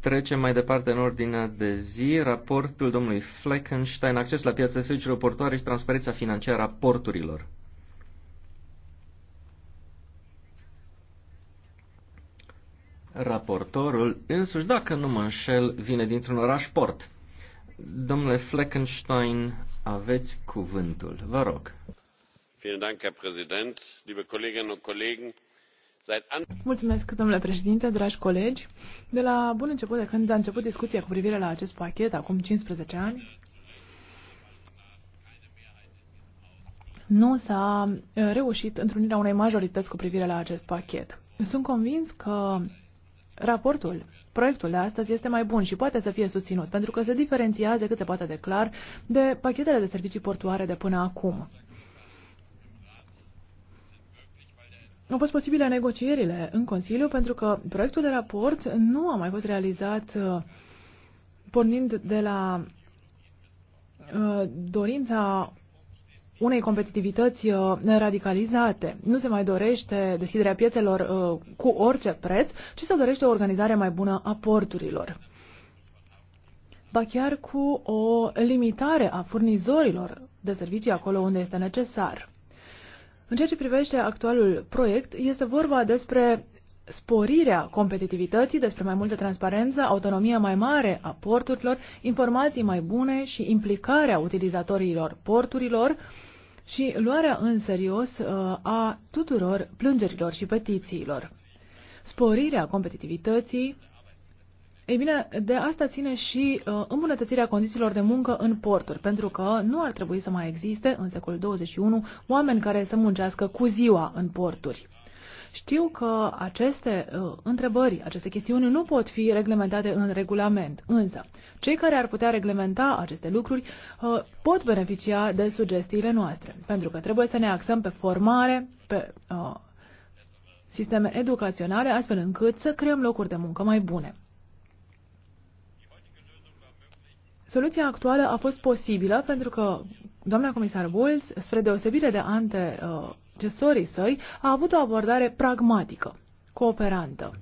Trecem mai departe în ordinea de zi. Raportul domnului Fleckenstein, acces la piața serviciilor portoare și transparența financiară a porturilor. Raportorul, însuși dacă nu mă înșel, vine dintr-un oraș port. Domnule Fleckenstein, aveți cuvântul. Vă rog. Vielen Dank, Herr Präsident, liebe Kolleginnen und Kollegen. Mulțumesc, domnule președinte, dragi colegi. De la bun început, de când a început discuția cu privire la acest pachet, acum 15 ani, nu s-a uh, reușit întrunirea unei majorități cu privire la acest pachet. Sunt convins că raportul, proiectul de astăzi este mai bun și poate să fie susținut, pentru că se diferențiază cât se poate de clar de pachetele de servicii portoare de până acum. au fost posibile negocierile în Consiliu pentru că proiectul de raport nu a mai fost realizat uh, pornind de la uh, dorința unei competitivități uh, radicalizate. Nu se mai dorește deschiderea piețelor cu orice preț, ci se dorește o organizare mai bună a porturilor. Ba chiar cu o limitare a furnizorilor de servicii acolo unde este necesar. În ceea ce privește actualul proiect, este vorba despre sporirea competitivității, despre mai multă transparență, autonomia mai mare a porturilor, informații mai bune și implicarea utilizatorilor porturilor și luarea în serios uh, a tuturor plângerilor și petițiilor. Sporirea competitivității ei bine, de asta ține și uh, îmbunătățirea condițiilor de muncă în porturi, pentru că nu ar trebui să mai existe în secolul 21 oameni care să muncească cu ziua în porturi. Știu că aceste uh, întrebări, aceste chestiuni nu pot fi reglementate în regulament, însă cei care ar putea reglementa aceste lucruri uh, pot beneficia de sugestiile noastre, pentru că trebuie să ne axăm pe formare, pe uh, sisteme educaționale, astfel încât să creăm locuri de muncă mai bune. Soluția actuală a fost posibilă pentru că doamna comisar Bulls, spre deosebire de antecesorii săi, a avut o abordare pragmatică, cooperantă.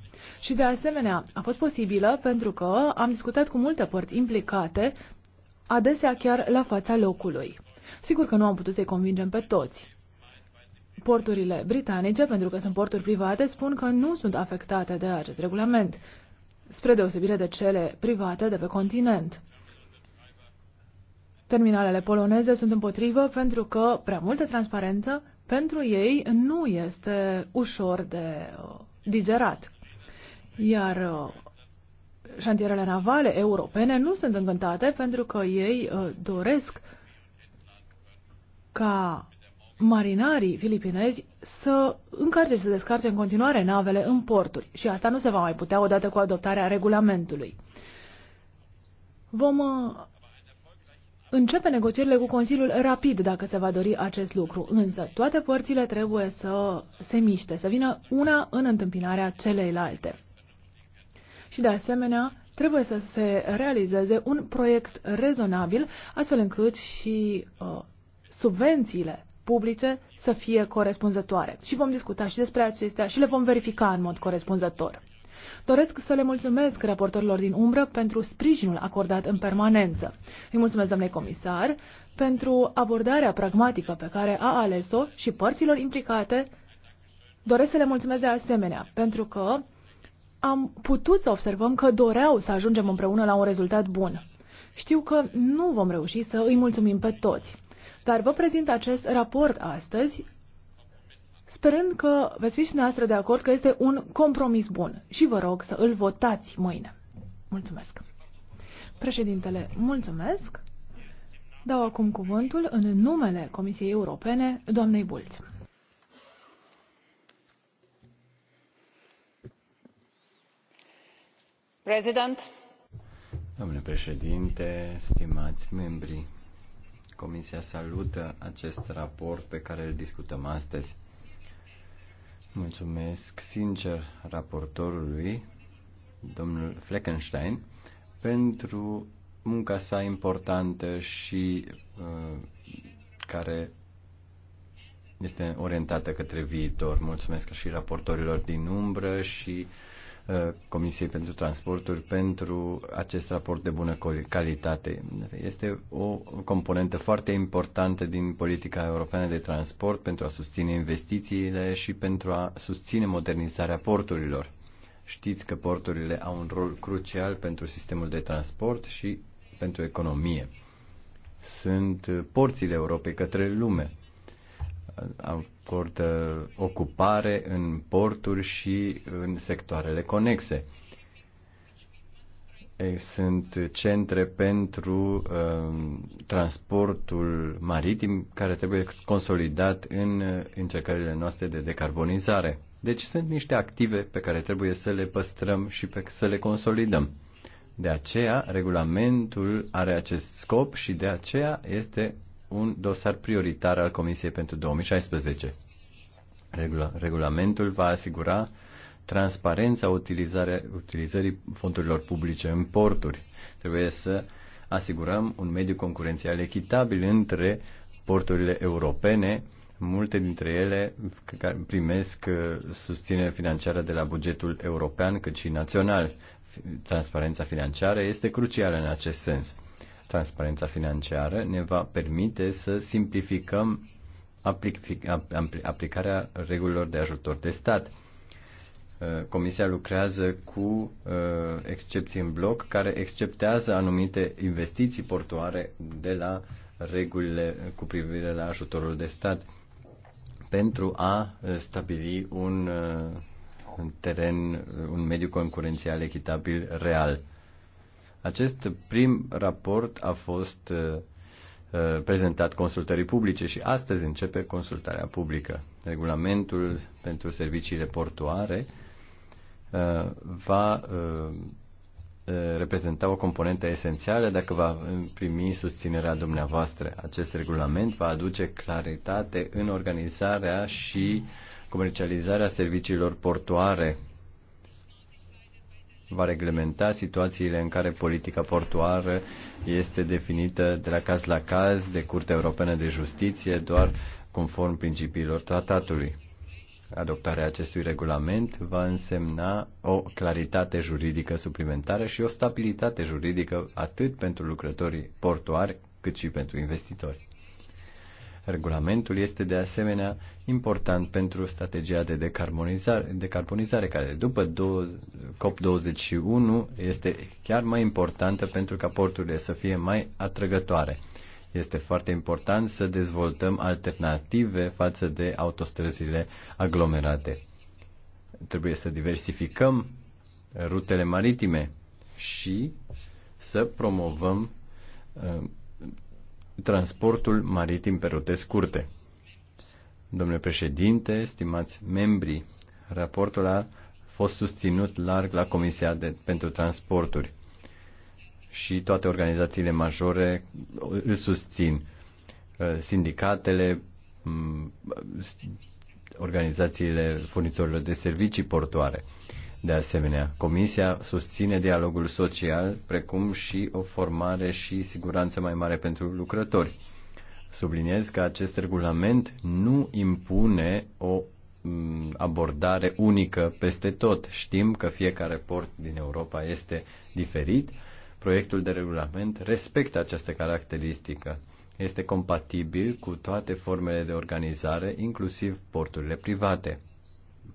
Și de asemenea a fost posibilă pentru că am discutat cu multe părți implicate, adesea chiar la fața locului. Sigur că nu am putut să-i convingem pe toți. Porturile britanice, pentru că sunt porturi private, spun că nu sunt afectate de acest regulament, spre deosebire de cele private de pe continent. Terminalele poloneze sunt împotrivă pentru că prea multă transparență pentru ei nu este ușor de uh, digerat. Iar uh, șantierele navale europene nu sunt încântate pentru că ei uh, doresc ca marinarii filipinezi să încarce și să descarce în continuare navele în porturi și asta nu se va mai putea odată cu adoptarea regulamentului. Vom începe negocierile cu Consiliul rapid dacă se va dori acest lucru, însă toate părțile trebuie să se miște, să vină una în întâmpinarea celeilalte. Și de asemenea, trebuie să se realizeze un proiect rezonabil, astfel încât și uh, subvențiile publice să fie corespunzătoare. Și vom discuta și despre acestea și le vom verifica în mod corespunzător. Doresc să le mulțumesc raportorilor din umbră pentru sprijinul acordat în permanență. Îi mulțumesc, domnule comisar, pentru abordarea pragmatică pe care a ales-o și părților implicate. Doresc să le mulțumesc de asemenea, pentru că am putut să observăm că doreau să ajungem împreună la un rezultat bun. Știu că nu vom reuși să îi mulțumim pe toți, dar vă prezint acest raport astăzi sperând că veți fi și noastră de acord că este un compromis bun și vă rog să îl votați mâine. Mulțumesc. Președintele, mulțumesc. Dau acum cuvântul în numele Comisiei Europene, doamnei Bulț. President. Domnule președinte, stimați membri, Comisia salută acest raport pe care îl discutăm astăzi. Mulțumesc sincer raportorului, domnul Fleckenstein, pentru munca sa importantă și uh, care este orientată către viitor. Mulțumesc și raportorilor din umbră și uh, Uh, Comisiei pentru Transporturi pentru acest raport de bună calitate. Este o componentă foarte importantă din politica europeană de transport pentru a susține investițiile și pentru a susține modernizarea porturilor. Știți că porturile au un rol crucial pentru sistemul de transport și pentru economie. Sunt porțile Europei către lume. Au acordă ocupare în porturi și în sectoarele conexe. Sunt centre pentru uh, transportul maritim care trebuie consolidat în încercările noastre de decarbonizare. Deci sunt niște active pe care trebuie să le păstrăm și pe, să le consolidăm. De aceea, regulamentul are acest scop și de aceea este un dosar prioritar al Comisiei pentru 2016. Regula, regulamentul va asigura transparența utilizării fondurilor publice în porturi. Trebuie să asigurăm un mediu concurențial echitabil între porturile europene, multe dintre ele primesc uh, susținere financiară de la bugetul european cât și național. Transparența financiară este crucială în acest sens. Transparența financiară ne va permite să simplificăm aplicarea regulilor de ajutor de stat. Uh, Comisia lucrează cu uh, excepții în bloc care exceptează anumite investiții portoare de la regulile cu privire la ajutorul de stat pentru a uh, stabili un teren, un mediu concurențial echitabil real. Acest prim raport a fost uh, uh, prezentat consultării publice și astăzi începe consultarea publică. Regulamentul pentru serviciile portoare uh, va reprezenta o componentă esențială dacă va primi susținerea dumneavoastră. Acest regulament va aduce claritate în organizarea și comercializarea serviciilor portoare va reglementa situațiile în care politica portuară este definită de la caz la caz de Curtea Europeană de Justiție doar conform principiilor tratatului. Adoptarea acestui regulament va însemna o claritate juridică suplimentară și o stabilitate juridică atât pentru lucrătorii portuari cât și pentru investitori. Regulamentul este de asemenea important pentru strategia de decarbonizare, decarbonizare care după COP21 este chiar mai importantă pentru ca porturile să fie mai atrăgătoare. Este foarte important să dezvoltăm alternative față de autostrăzile aglomerate. Trebuie să diversificăm rutele maritime și să promovăm uh, transportul maritim pe rute scurte. Domnule președinte, stimați membri, raportul a fost susținut larg la Comisia de, pentru Transporturi și toate organizațiile majore îl susțin. Uh, sindicatele, mm, organizațiile furnizorilor de servicii portoare. De asemenea, Comisia susține dialogul social, precum și o formare și siguranță mai mare pentru lucrători. Subliniez că acest regulament nu impune o mm, abordare unică peste tot. Știm că fiecare port din Europa este diferit. Proiectul de regulament respectă această caracteristică. Este compatibil cu toate formele de organizare, inclusiv porturile private.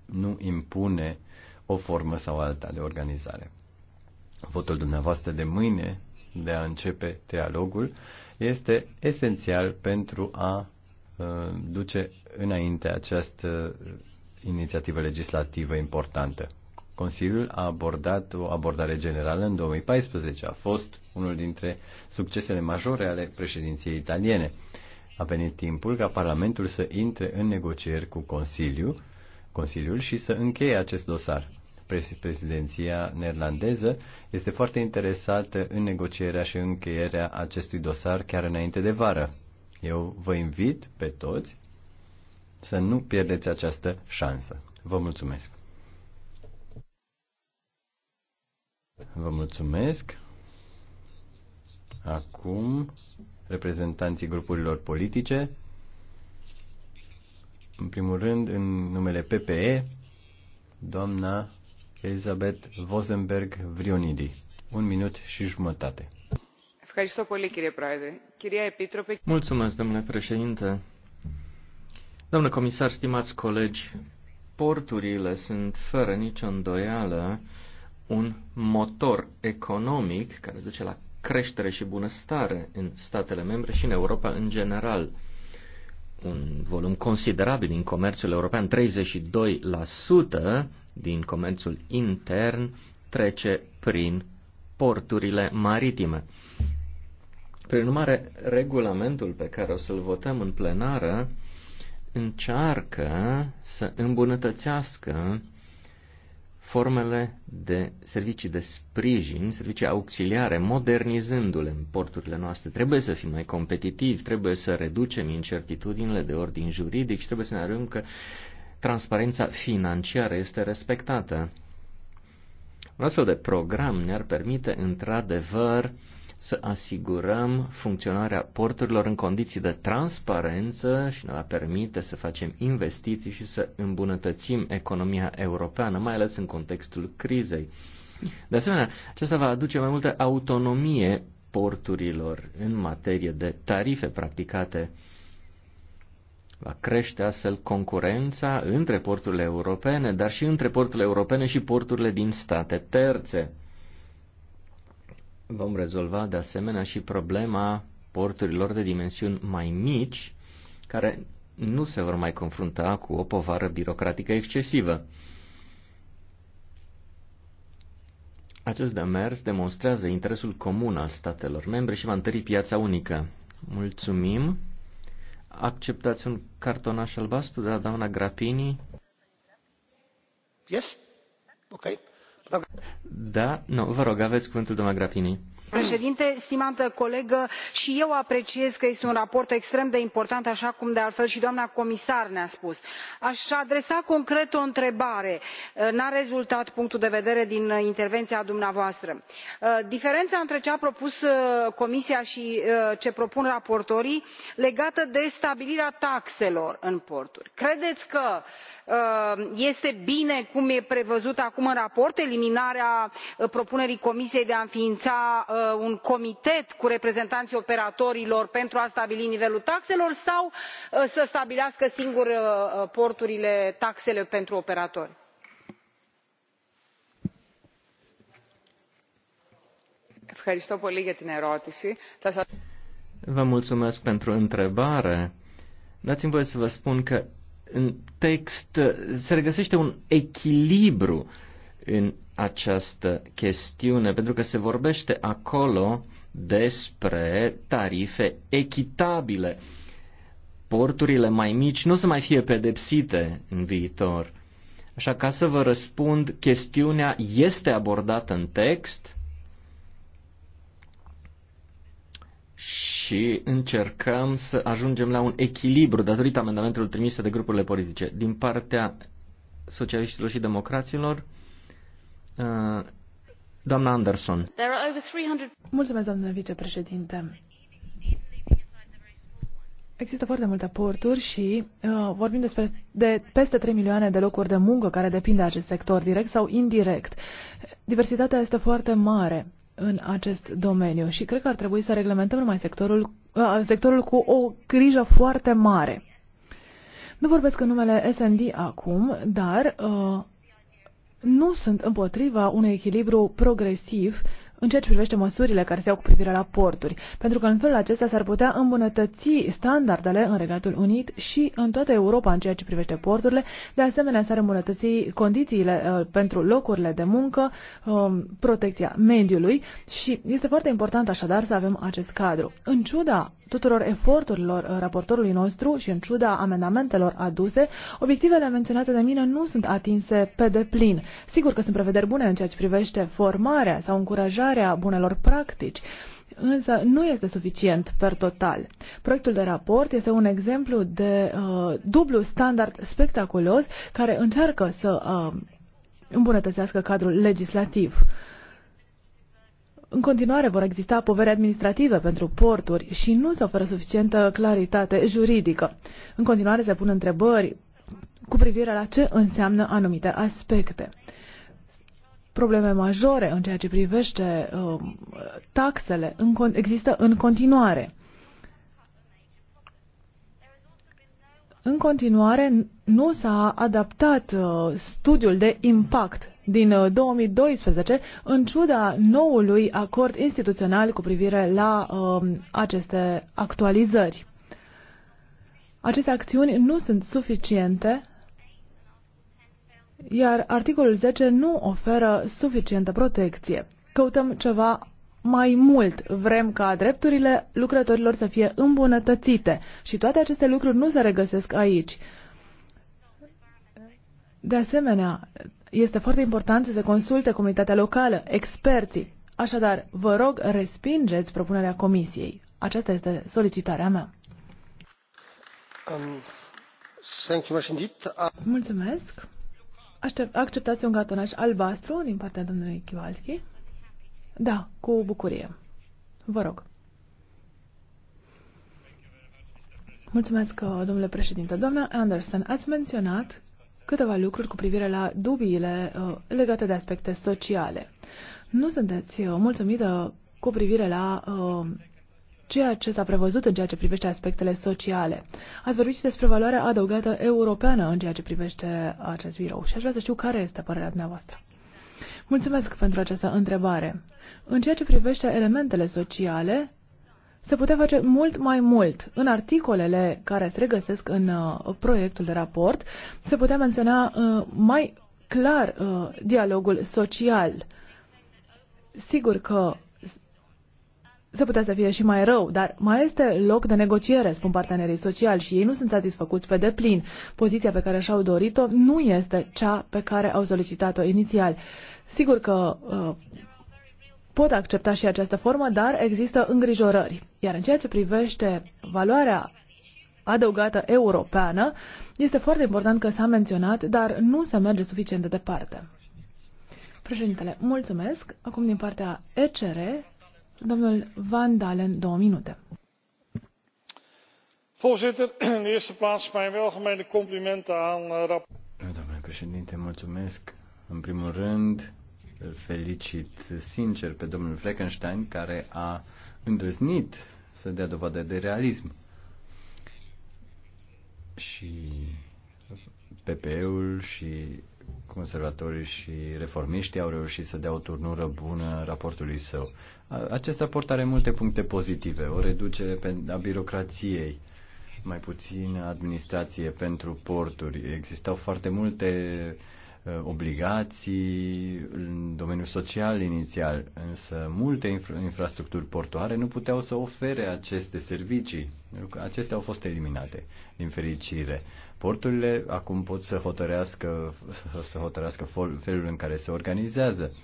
Nu impune uh, o formă sau alta de organizare. Votul dumneavoastră de mâine de a începe trialogul este esențial pentru a uh, duce înainte această inițiativă legislativă importantă. Consiliul a abordat o abordare generală în 2014. A fost unul dintre succesele majore ale președinției italiene. A venit timpul ca Parlamentul să intre în negocieri cu Consiliu, Consiliul și să încheie acest dosar prezidenția neerlandeză este foarte interesată în negocierea și încheierea acestui dosar chiar înainte de vară. Eu vă invit pe toți să nu pierdeți această șansă. Vă mulțumesc! Vă mulțumesc! Acum, reprezentanții grupurilor politice, în primul rând, în numele PPE, doamna Elizabeth Vosenberg Vrionidi. Un minut și jumătate. Mulțumesc, domnule președinte. Domnule comisar, stimați colegi, porturile sunt fără nicio îndoială un motor economic care duce la creștere și bunăstare în statele membre și în Europa în general un volum considerabil din comerțul european, 32% din comerțul intern trece prin porturile maritime. Prin urmare, regulamentul pe care o să-l votăm în plenară încearcă să îmbunătățească formele de servicii de sprijin, servicii auxiliare, modernizându-le în porturile noastre. Trebuie să fim mai competitivi, trebuie să reducem incertitudinile de ordin juridic și trebuie să ne arătăm că transparența financiară este respectată. Un astfel de program ne-ar permite, într-adevăr, să asigurăm funcționarea porturilor în condiții de transparență și ne va permite să facem investiții și să îmbunătățim economia europeană, mai ales în contextul crizei. De asemenea, aceasta va aduce mai multă autonomie porturilor în materie de tarife practicate. Va crește astfel concurența între porturile europene, dar și între porturile europene și porturile din state terțe. Vom rezolva de asemenea și problema porturilor de dimensiuni mai mici, care nu se vor mai confrunta cu o povară birocratică excesivă. Acest demers demonstrează interesul comun al statelor membre și va întări piața unică. Mulțumim! Acceptați un cartonaș albastru de la doamna Grapini? Yes? Okay. Da, nu, vă rog, aveți cuvântul, doamna Grapini președinte stimată colegă și eu apreciez că este un raport extrem de important așa cum de altfel și doamna comisar ne a spus. aș adresa concret o întrebare n a rezultat punctul de vedere din intervenția dumneavoastră uh, diferența între ce a propus uh, comisia și uh, ce propun raportorii legată de stabilirea taxelor în porturi credeți că Uh, este bine cum e prevăzut acum în raport eliminarea uh, propunerii comisiei de a înființa uh, un comitet cu reprezentanții operatorilor pentru a stabili nivelul taxelor sau să stabilească singur porturile taxele pentru operatori? Vă mulțumesc pentru întrebare. Dați-mi voie să vă spun că în text se regăsește un echilibru în această chestiune, pentru că se vorbește acolo despre tarife echitabile. Porturile mai mici nu o să mai fie pedepsite în viitor. Așa, ca să vă răspund, chestiunea este abordată în text, și încercăm să ajungem la un echilibru datorită amendamentelor trimise de grupurile politice. Din partea socialiștilor și democraților, uh, doamna Anderson. Mulțumesc, doamnă vicepreședinte. Există foarte multe porturi și uh, vorbim despre de peste 3 milioane de locuri de muncă care depind de acest sector, direct sau indirect. Diversitatea este foarte mare în acest domeniu și cred că ar trebui să reglementăm numai sectorul, uh, sectorul cu o grijă foarte mare. Nu vorbesc în numele SND acum, dar uh, nu sunt împotriva unui echilibru progresiv uh, în ceea ce privește măsurile care se iau cu privire la porturi, pentru că în felul acesta s-ar putea îmbunătăți standardele în Regatul Unit și în toată Europa în ceea ce privește porturile, de asemenea s-ar îmbunătăți condițiile uh, pentru locurile de muncă, um, protecția mediului și este foarte important așadar să avem acest cadru. În ciuda tuturor eforturilor uh, raportorului nostru și în ciuda amendamentelor aduse, obiectivele menționate de mine nu sunt atinse pe deplin. Sigur că sunt prevederi bune în ceea ce privește formarea sau încurajarea bunelor practici, însă nu este suficient per total. Proiectul de raport este un exemplu de uh, dublu standard spectaculos care încearcă să uh, îmbunătățească cadrul legislativ. Uh, în continuare vor exista povere administrative pentru porturi și nu se oferă suficientă claritate juridică. În continuare se pun întrebări cu privire la ce înseamnă anumite aspecte. Probleme majore în ceea ce privește uh, taxele în, există în continuare. În continuare, nu s-a adaptat uh, studiul de impact din 2012, uh, în ciuda noului acord instituțional cu privire la um, aceste actualizări. Aceste acțiuni nu sunt suficiente, iar articolul 10 nu oferă suficientă protecție. Căutăm ceva mai mult vrem ca drepturile lucrătorilor să fie îmbunătățite și toate aceste lucruri nu se regăsesc aici. De asemenea, este foarte important să se consulte comunitatea locală, experții. Așadar, vă rog, respingeți propunerea comisiei. Aceasta este solicitarea mea. Um, uh, Mulțumesc. Aștept, acceptați un cartonaș albastru din partea domnului Chivalski. Da, cu bucurie. Vă rog. Mulțumesc, uh, domnule președinte. Doamna Anderson, ați menționat câteva lucruri cu privire la dubiile uh, legate de aspecte sociale. Nu sunteți uh, mulțumită cu privire la ceea ce s-a prevăzut în ceea ce privește aspectele sociale. Ați vorbit și despre valoarea adăugată europeană în ceea ce privește acest virou și aș vrea să știu care este părerea dumneavoastră. Mulțumesc pentru această întrebare. În ceea ce privește elementele sociale, se putea face mult mai mult. În articolele care se regăsesc în uh, proiectul de raport, se putea menționa uh, mai clar uh, dialogul social. Sigur că se putea să fie și mai rău, dar mai este loc de negociere, spun partenerii sociali, și ei nu sunt satisfăcuți pe deplin. Poziția pe care și-au dorit-o nu este cea pe care au solicitat-o inițial. Uh, Sigur că uh, pot accepta și această formă, dar există îngrijorări. Iar în ceea ce privește valoarea adăugată europeană, este foarte important că s-a menționat, dar nu se merge suficient de departe. Președintele, mulțumesc. Acum din partea ECR, domnul Van Dalen, două minute. Voorzitter, in de eerste plaats mijn welgemeende complimenten aan eh, rapporteur. Domnule președinte, mulțumesc. În primul rând, îl felicit sincer pe domnul Fleckenstein care a îndrăznit să dea dovadă de realism. Și pp ul și conservatorii și reformiștii au reușit să dea o turnură bună raportului său. Acest raport are multe puncte pozitive. O reducere a birocrației, mai puțină administrație pentru porturi. Existau foarte multe uh, Uh, obligații în domeniul social inițial, însă multe infra- infrastructuri portoare nu puteau să ofere aceste servicii. Acestea au fost eliminate, din fericire. Porturile acum pot să hotărească, să hotărească felul în care se organizează.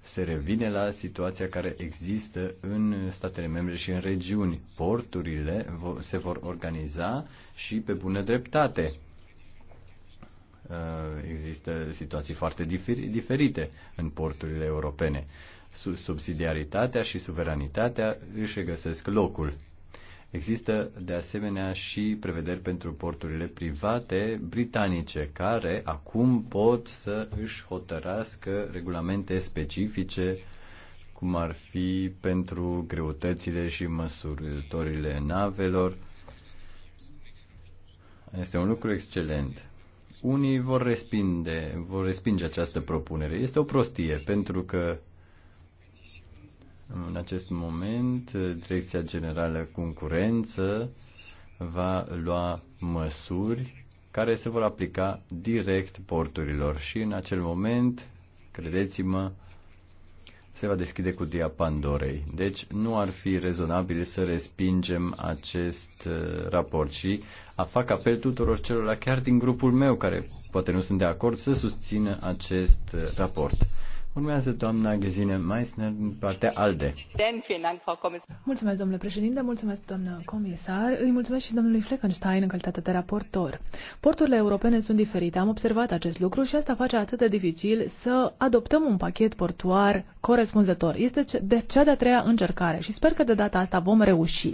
Se revine la situația care există în statele membre și în regiuni. Porturile se vor organiza și pe bună dreptate Uh, există situații foarte diferite în porturile europene. Subsidiaritatea și suveranitatea își regăsesc locul. Există de asemenea și prevederi pentru porturile private britanice care acum pot să își hotărască regulamente specifice cum ar fi pentru greutățile și măsurătorile navelor. Este un lucru excelent unii vor respinge, vor respinge această propunere. Este o prostie, pentru că în acest moment Direcția Generală Concurență va lua măsuri care se vor aplica direct porturilor și în acel moment, credeți-mă, se va deschide cutia Pandorei. Deci nu ar fi rezonabil să respingem acest uh, raport și a fac apel tuturor celor chiar din grupul meu, care poate nu sunt de acord, să susțină acest uh, raport. Urmează doamna Gesine Meissner din partea ALDE. Mulțumesc, domnule președinte, mulțumesc, doamnă comisar. Îi mulțumesc și domnului Fleckenstein în calitate de raportor. Porturile europene sunt diferite, am observat acest lucru și asta face atât de dificil să adoptăm un pachet portuar corespunzător. Este de cea de-a treia încercare și sper că de data asta vom reuși.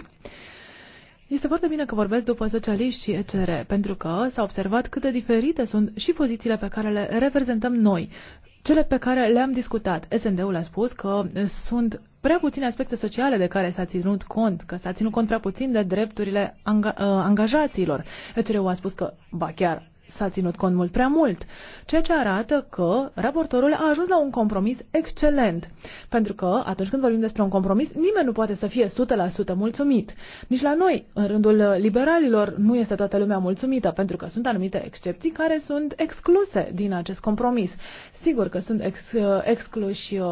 Este foarte bine că vorbesc după socialiști și ECR, pentru că s-a observat cât de diferite sunt și pozițiile pe care le reprezentăm noi cele pe care le-am discutat. SND-ul a spus că uh, sunt prea puține aspecte sociale de care s-a ținut cont, că s-a ținut cont prea puțin de drepturile anga- uh, angajaților. ecr a spus că, ba chiar, s-a ținut cont mult prea mult, ceea ce arată că raportorul a ajuns la un compromis excelent. Pentru că atunci când vorbim despre un compromis, nimeni nu poate să fie 100% mulțumit. Nici la noi, în rândul liberalilor, nu este toată lumea mulțumită, pentru că sunt anumite excepții care sunt excluse din acest compromis. Sigur că sunt ex, excluși uh,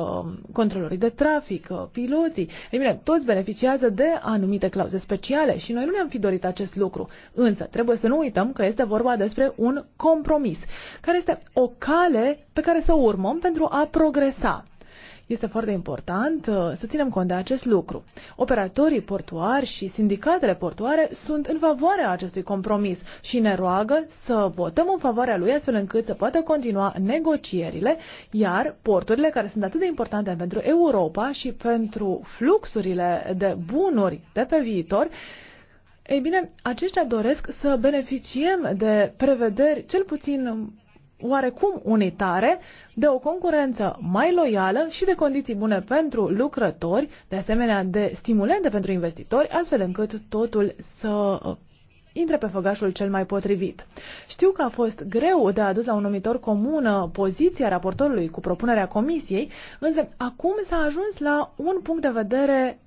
controlorii de trafic, uh, piloții. Ei bine, toți beneficiază de anumite clauze speciale și noi nu ne-am fi dorit acest lucru. Însă, trebuie să nu uităm că este vorba despre un compromis, care este o cale pe care să o urmăm pentru a progresa. Este foarte important uh, să ținem cont de acest lucru. Operatorii portuari și sindicatele portuare sunt în favoarea acestui compromis și ne roagă să votăm în favoarea lui astfel încât să poată continua negocierile, iar porturile care sunt atât de importante pentru Europa și pentru fluxurile de bunuri de pe viitor ei bine, aceștia doresc să beneficiem de prevederi cel puțin oarecum unitare, de o concurență mai loială și de condiții bune pentru lucrători, de asemenea de stimulente pentru investitori, astfel încât totul să uh, intre pe făgașul cel mai potrivit. Știu că a fost greu de adus la un numitor comun uh, poziția raportorului cu propunerea comisiei, însă acum s-a ajuns la un punct de vedere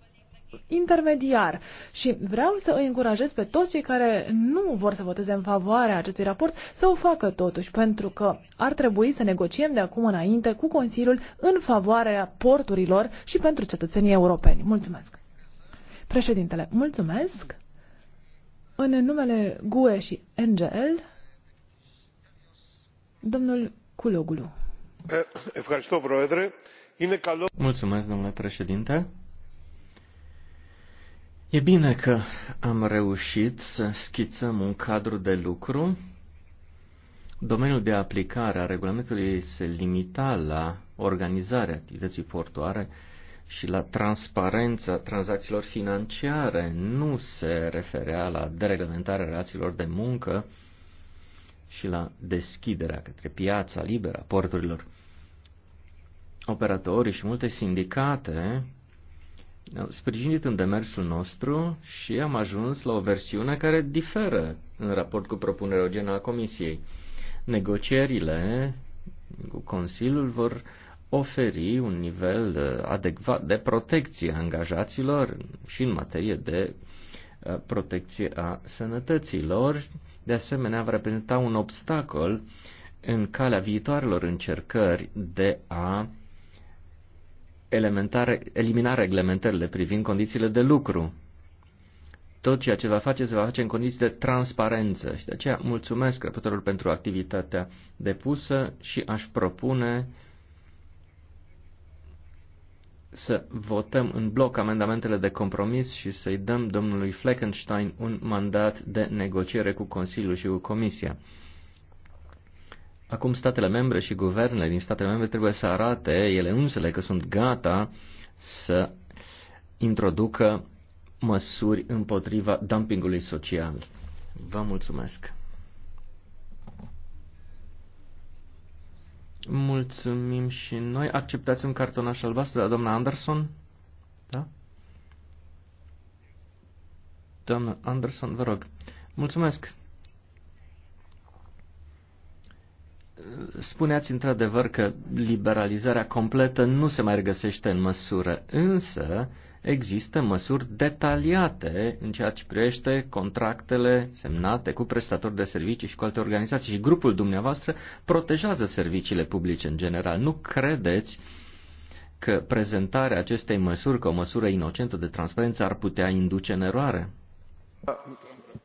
intermediar și vreau să îi încurajez pe toți cei care nu vor să voteze în favoarea acestui raport să o facă totuși, pentru că ar trebui să negociem de acum înainte cu Consiliul în favoarea porturilor și pentru cetățenii europeni. Mulțumesc! Președintele, mulțumesc! În numele GUE și NGL, domnul Culoglu. Eh, mulțumesc, domnule președinte. E bine că am reușit să schițăm un cadru de lucru. Domeniul de aplicare a regulamentului se limita la organizarea activității portoare și la transparența tranzacțiilor financiare. Nu se referea la dereglementarea relațiilor de muncă și la deschiderea către piața liberă a porturilor. Operatorii și multe sindicate sprijinit în demersul nostru și am ajuns la o versiune care diferă în raport cu propunerea originală a Comisiei. Negocierile cu Consiliul vor oferi un nivel uh, adecvat de protecție a angajaților și în materie de uh, protecție a sănătății lor. De asemenea, va reprezenta un obstacol în calea viitoarelor încercări de a elimina reglementările privind condițiile de lucru. Tot ceea ce va face, se va face în condiții de transparență și de aceea mulțumesc răpătorul pentru activitatea depusă și aș propune să votăm în bloc amendamentele de compromis și să-i dăm domnului Fleckenstein un mandat de negociere cu Consiliul și cu Comisia. Acum statele membre și guvernele din statele membre trebuie să arate ele însele că sunt gata să introducă măsuri împotriva dumpingului social. Vă mulțumesc! Mulțumim și noi. Acceptați un cartonaș albastru de la doamna Anderson? Da? Doamna Anderson, vă rog. Mulțumesc, spuneați într-adevăr că liberalizarea completă nu se mai regăsește în măsură, însă există măsuri detaliate în ceea ce privește contractele semnate cu prestatori de servicii și cu alte organizații și grupul dumneavoastră protejează serviciile publice în general. Nu credeți că prezentarea acestei măsuri ca o măsură inocentă de transparență ar putea induce în eroare?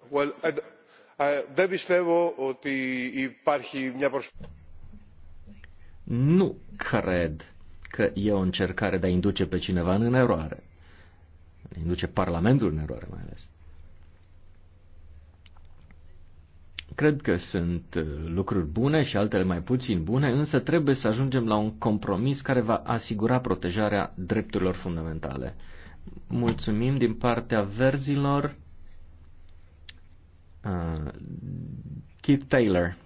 Well, Δεν πιστεύω ότι υπάρχει μια προσπάθεια. Nu cred că e o încercare de a induce pe cineva în eroare. Induce Parlamentul în eroare, mai ales. Cred că sunt uh, lucruri bune și altele mai puțin bune, însă trebuie să ajungem la un compromis care va asigura protejarea drepturilor fundamentale. Mulțumim din partea verzilor uh, Keith Taylor.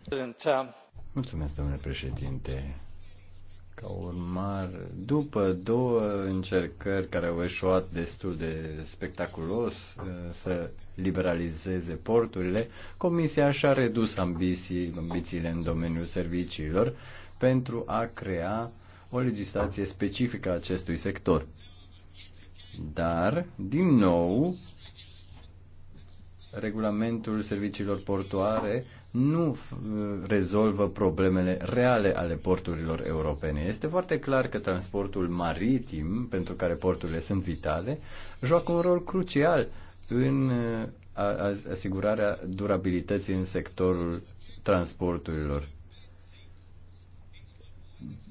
Mulțumesc, domnule președinte. Ca urmare, după două încercări care au eșuat destul de spectaculos uh, să liberalizeze porturile, Comisia și-a redus ambiții, ambițiile în domeniul serviciilor pentru a crea o legislație specifică a acestui sector. Dar, din nou, regulamentul serviciilor portoare nu uh, rezolvă problemele reale ale porturilor europene. Este foarte clar că transportul maritim, pentru care porturile sunt vitale, joacă un rol crucial în uh, asigurarea durabilității în sectorul transporturilor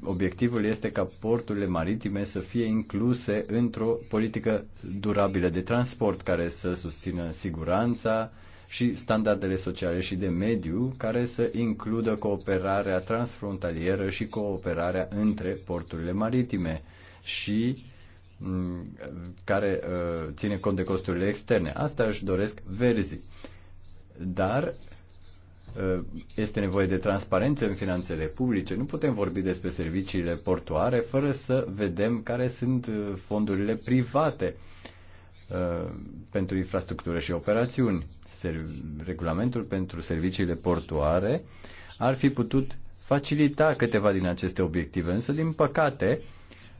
obiectivul este ca porturile maritime să fie incluse într-o politică durabilă de transport care să susțină siguranța și standardele sociale și de mediu care să includă cooperarea transfrontalieră și cooperarea între porturile maritime și mm, care uh, ține cont de costurile externe. Asta își doresc verzii. Dar Uh, este nevoie de transparență în finanțele publice. Nu putem vorbi despre serviciile portoare fără să vedem care sunt uh, fondurile private uh, pentru infrastructură și operațiuni. Regulamentul pentru serviciile portoare ar fi putut facilita câteva din aceste obiective, însă, din păcate,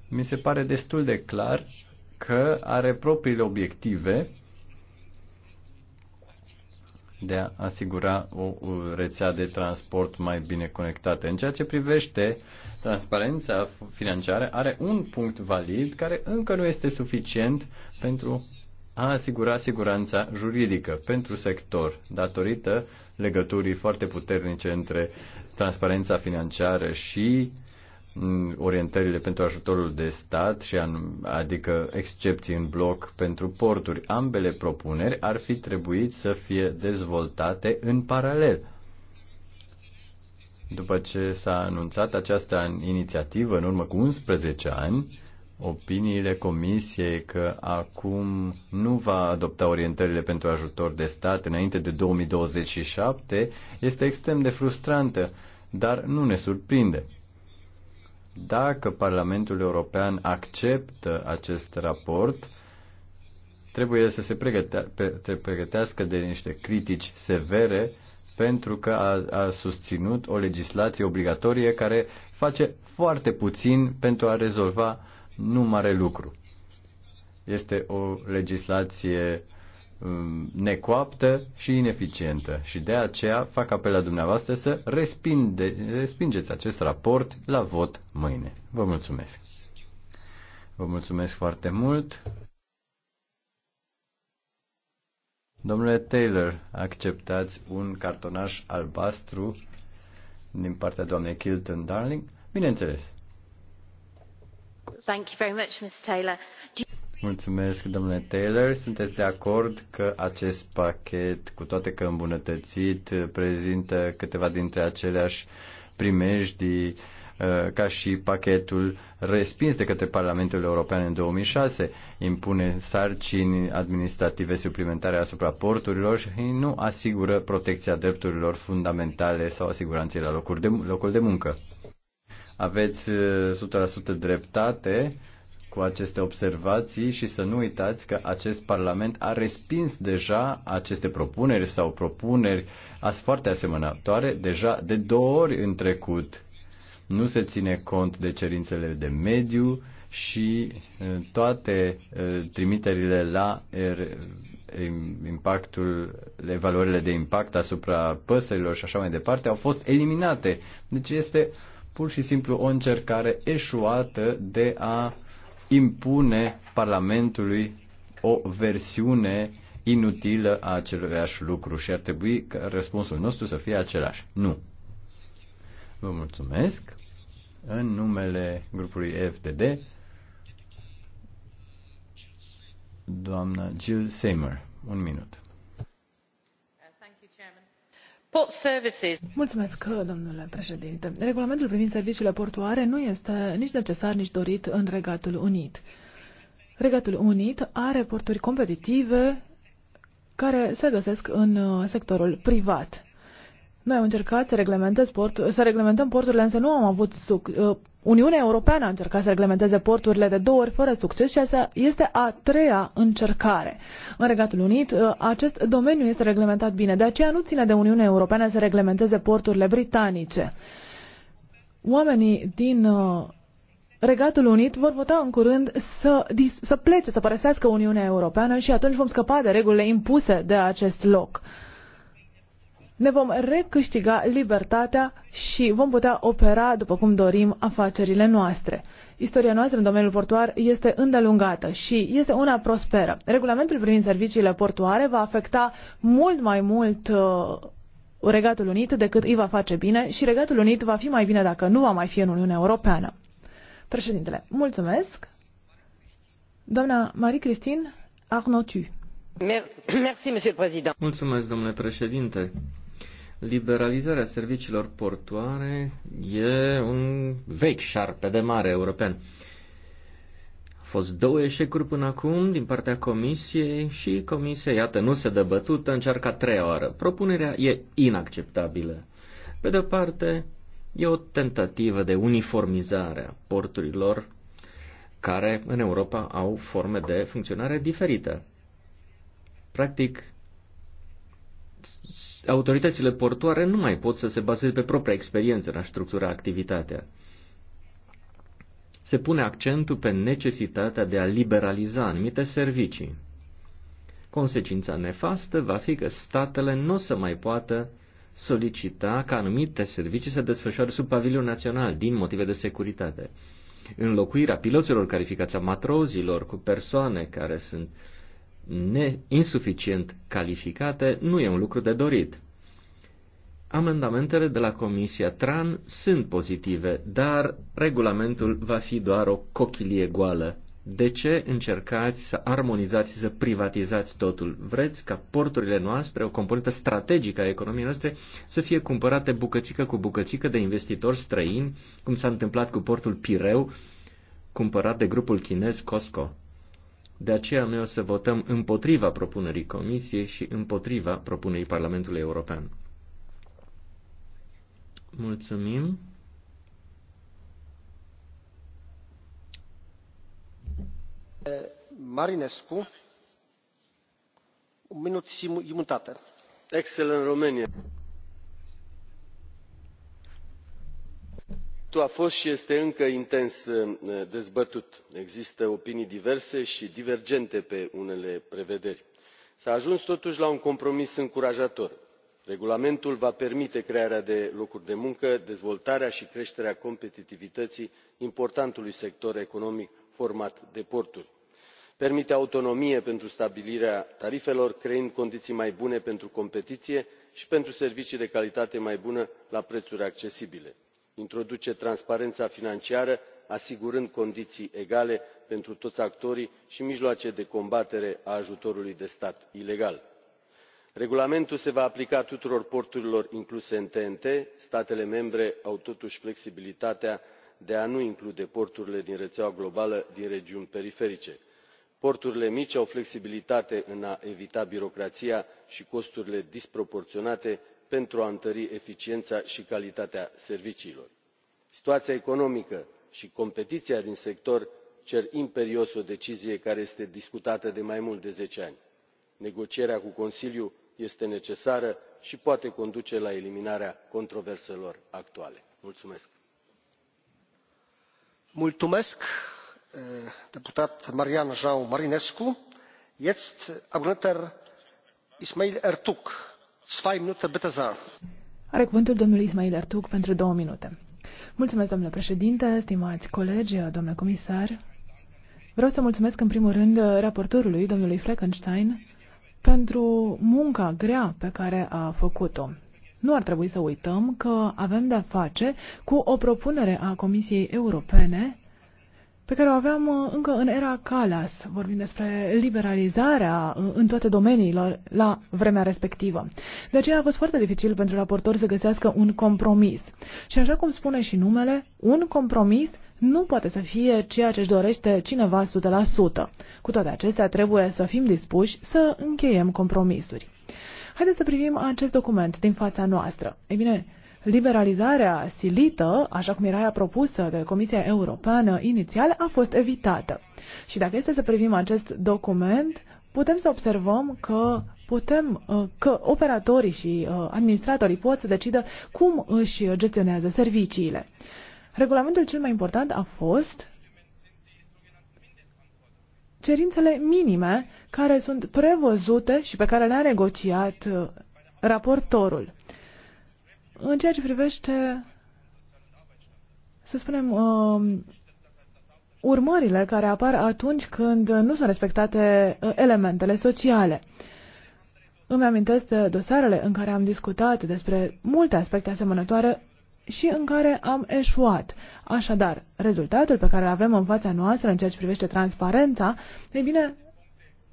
mi se pare destul de clar că are propriile obiective de a asigura o rețea de transport mai bine conectată. În ceea ce privește transparența financiară, are un punct valid care încă nu este suficient pentru a asigura siguranța juridică pentru sector, datorită legăturii foarte puternice între transparența financiară și orientările pentru ajutorul de stat, și anum, adică excepții în bloc pentru porturi. Ambele propuneri ar fi trebuit să fie dezvoltate în paralel. După ce s-a anunțat această inițiativă în urmă cu 11 ani, opiniile comisiei că acum nu va adopta orientările pentru ajutor de stat înainte de 2027 este extrem de frustrantă, dar nu ne surprinde. Dacă Parlamentul European acceptă acest raport, trebuie să se pregătea, pregătească de niște critici severe pentru că a, a susținut o legislație obligatorie care face foarte puțin pentru a rezolva nu mare lucru. Este o legislație Um, necoaptă și ineficientă și de aceea fac apel la dumneavoastră să respinde, respingeți acest raport la vot mâine. Vă mulțumesc! Vă mulțumesc foarte mult! Domnule Taylor, acceptați un cartonaș albastru din partea doamnei Kilton Darling? Bineînțeles! Thank you very much, Mr. Taylor. Do you... Mulțumesc, domnule Taylor. Sunteți de acord că acest pachet, cu toate că îmbunătățit, prezintă câteva dintre aceleași primejdii uh, ca și pachetul respins de către Parlamentul European în 2006, impune sarcini administrative suplimentare asupra porturilor și nu asigură protecția drepturilor fundamentale sau asiguranței la de, locul de muncă. Aveți 100% uh, dreptate cu aceste observații și să nu uitați că acest Parlament a respins deja aceste propuneri sau propuneri as foarte asemănătoare deja de două ori în trecut. Nu se ține cont de cerințele de mediu și uh, toate uh, trimiterile la er, impactul, evaluările de impact asupra păsărilor și așa mai departe au fost eliminate. Deci este pur și simplu o încercare eșuată de a impune Parlamentului o versiune inutilă a aceluiași lucru și ar trebui ca răspunsul nostru să fie același. Nu. Vă mulțumesc. În numele grupului FDD, doamna Jill Seymour. Un minut. Mulțumesc, domnule președinte. Regulamentul privind serviciile portuare nu este nici necesar, nici dorit în Regatul Unit. Regatul Unit are porturi competitive care se găsesc în uh, sectorul privat. Noi am încercat să, reglementăm porturile, însă nu am avut suc, uh, Uniunea Europeană a încercat să reglementeze porturile de două ori fără succes și asta este a treia încercare. În Regatul Unit, uh, acest domeniu este reglementat bine, de aceea nu ține de Uniunea Europeană să reglementeze porturile britanice. Oamenii din uh, Regatul Unit vor vota în curând să, să plece, să părăsească Uniunea Europeană și atunci vom scăpa de regulile impuse de acest loc ne vom recâștiga libertatea și vom putea opera după cum dorim afacerile noastre. Istoria noastră în domeniul portuar este îndelungată și este una prosperă. Regulamentul privind serviciile portuare va afecta mult mai mult uh, Regatul Unit decât îi va face bine și Regatul Unit va fi mai bine dacă nu va mai fi în Uniunea Europeană. Președintele, mulțumesc. Doamna Marie-Christine Arnotu. Mulțumesc, domnule președinte Liberalizarea serviciilor portoare e un vechi șarpe de mare european. Au fost două eșecuri până acum din partea comisiei și comisia, iată, nu se dă bătută, încearcă a treia oară. Propunerea e inacceptabilă. Pe de parte, e o tentativă de uniformizare a porturilor care în Europa au forme de funcționare diferite. Practic, autoritățile portoare nu mai pot să se bazeze pe propria experiență în a structura activitatea. Se pune accentul pe necesitatea de a liberaliza anumite servicii. Consecința nefastă va fi că statele nu o să mai poată solicita ca anumite servicii să desfășoare sub pavilion național din motive de securitate. Înlocuirea piloților calificați a matrozilor cu persoane care sunt uh, ne- insuficient calificate nu e un lucru de dorit. Amendamentele de la Comisia TRAN sunt pozitive, dar regulamentul va fi doar o cochilie goală. De ce încercați să armonizați, să privatizați totul? Vreți ca porturile noastre, o componentă strategică a economiei noastre, să fie cumpărate bucățică cu bucățică de investitori străini, cum s-a întâmplat cu portul Pireu, cumpărat de grupul chinez Costco? De aceea noi o să votăm împotriva propunerii Comisiei și împotriva propunerii Parlamentului European. Mulțumim. Marinescu, un minut și imutată. Excelent, România. subiectul a fost și este încă intens uh, dezbătut există opinii diverse și divergente pe unele prevederi. s a ajuns totuși la un compromis încurajator regulamentul va permite crearea de locuri de muncă dezvoltarea și creșterea competitivității importantului sector economic format de porturi permite autonomie pentru stabilirea tarifelor creând condiții mai bune pentru competiție și pentru servicii de calitate mai bună la prețuri accesibile introduce transparența financiară asigurând condiții egale pentru toți actorii și mijloace de combatere a ajutorului de stat ilegal. regulamentul se va aplica tuturor porturilor incluse în ten t statele membre au totuși flexibilitatea de a nu include porturile din rețeaua globală din regiuni periferice. porturile mici au flexibilitate în a evita birocrația și costurile disproporționate pentru a întări eficiența și calitatea serviciilor. situația economică și competiția din sector cer imperios o decizie care este discutată de mai mult de zece ani. negocierea cu consiliul este necesară și poate conduce la eliminarea controverselor actuale. mulțumesc. mulțumesc eh, deputat marian jean marinescu. Este abgeordneter ismail ertug are cuvântul domnul Ismail Ertug pentru două minute. Mulțumesc, domnule președinte, stimați colegi, domnule comisar. Vreau să mulțumesc în primul rând raportorului, domnului Fleckenstein, pentru munca grea pe care a făcut-o. Nu ar trebui să uităm că avem de-a face cu o propunere a Comisiei Europene pe care o aveam uh, încă în era Calas. Vorbim despre liberalizarea uh, în toate domeniilor la vremea respectivă. De aceea a fost foarte dificil pentru raportori să găsească un compromis. Și așa cum spune și numele, un compromis nu poate să fie ceea ce își dorește cineva 100%. Cu toate acestea, trebuie să fim dispuși să încheiem compromisuri. Haideți să privim acest document din fața noastră. Ei bine, liberalizarea silită, așa cum era ea propusă de Comisia Europeană inițial, a fost evitată. Și dacă este să privim acest document, putem să observăm că putem, uh, că operatorii și uh, administratorii pot să decidă cum își gestionează serviciile. Regulamentul cel mai important a fost cerințele minime care sunt prevăzute și pe care le-a negociat uh, raportorul. În ceea ce privește, să spunem, um, urmările care apar atunci când nu sunt respectate uh, elementele sociale. Îmi amintesc de dosarele în care am discutat despre multe aspecte asemănătoare și în care am eșuat. Așadar, rezultatul pe care îl avem în fața noastră în ceea ce privește transparența, ei bine,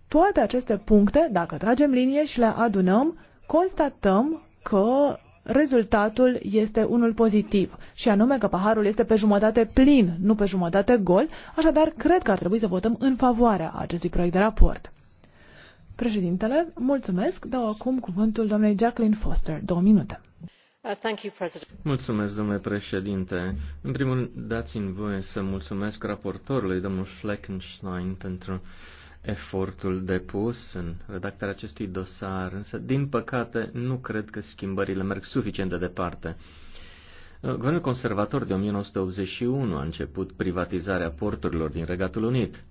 toate aceste puncte, dacă tragem linie și le adunăm, constatăm că rezultatul este unul pozitiv și anume că paharul este pe jumătate plin, nu pe jumătate gol, așadar cred că ar trebui să votăm în favoarea acestui proiect de raport. Președintele, mulțumesc. Dau acum cuvântul doamnei Jacqueline Foster. Două minute. Uh, mulțumesc, domnule președinte. În primul rând, dați-mi voie să mulțumesc raportorului, domnul Fleckenstein, pentru uh, efortul depus în redactarea acestui dosar, însă, din păcate, nu cred că schimbările merg suficient de departe. Guvernul conservator de 1981 a început privatizarea porturilor din Regatul Unit.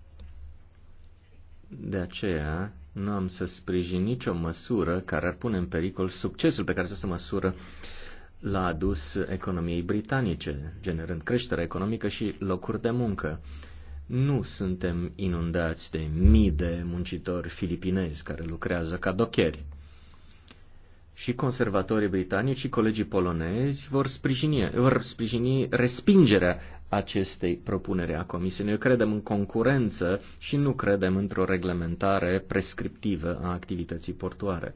De aceea, nu am să sprijin nicio măsură care ar pune în pericol succesul pe care această măsură l-a adus economiei britanice, generând creștere economică și locuri de muncă nu suntem inundați de mii de muncitori filipinezi care lucrează ca docheri. Și conservatorii britanici și colegii polonezi vor sprijini, vor sprijini respingerea acestei propunere a Comisiei. Noi credem în concurență și nu credem într-o reglementare prescriptivă a activității portoare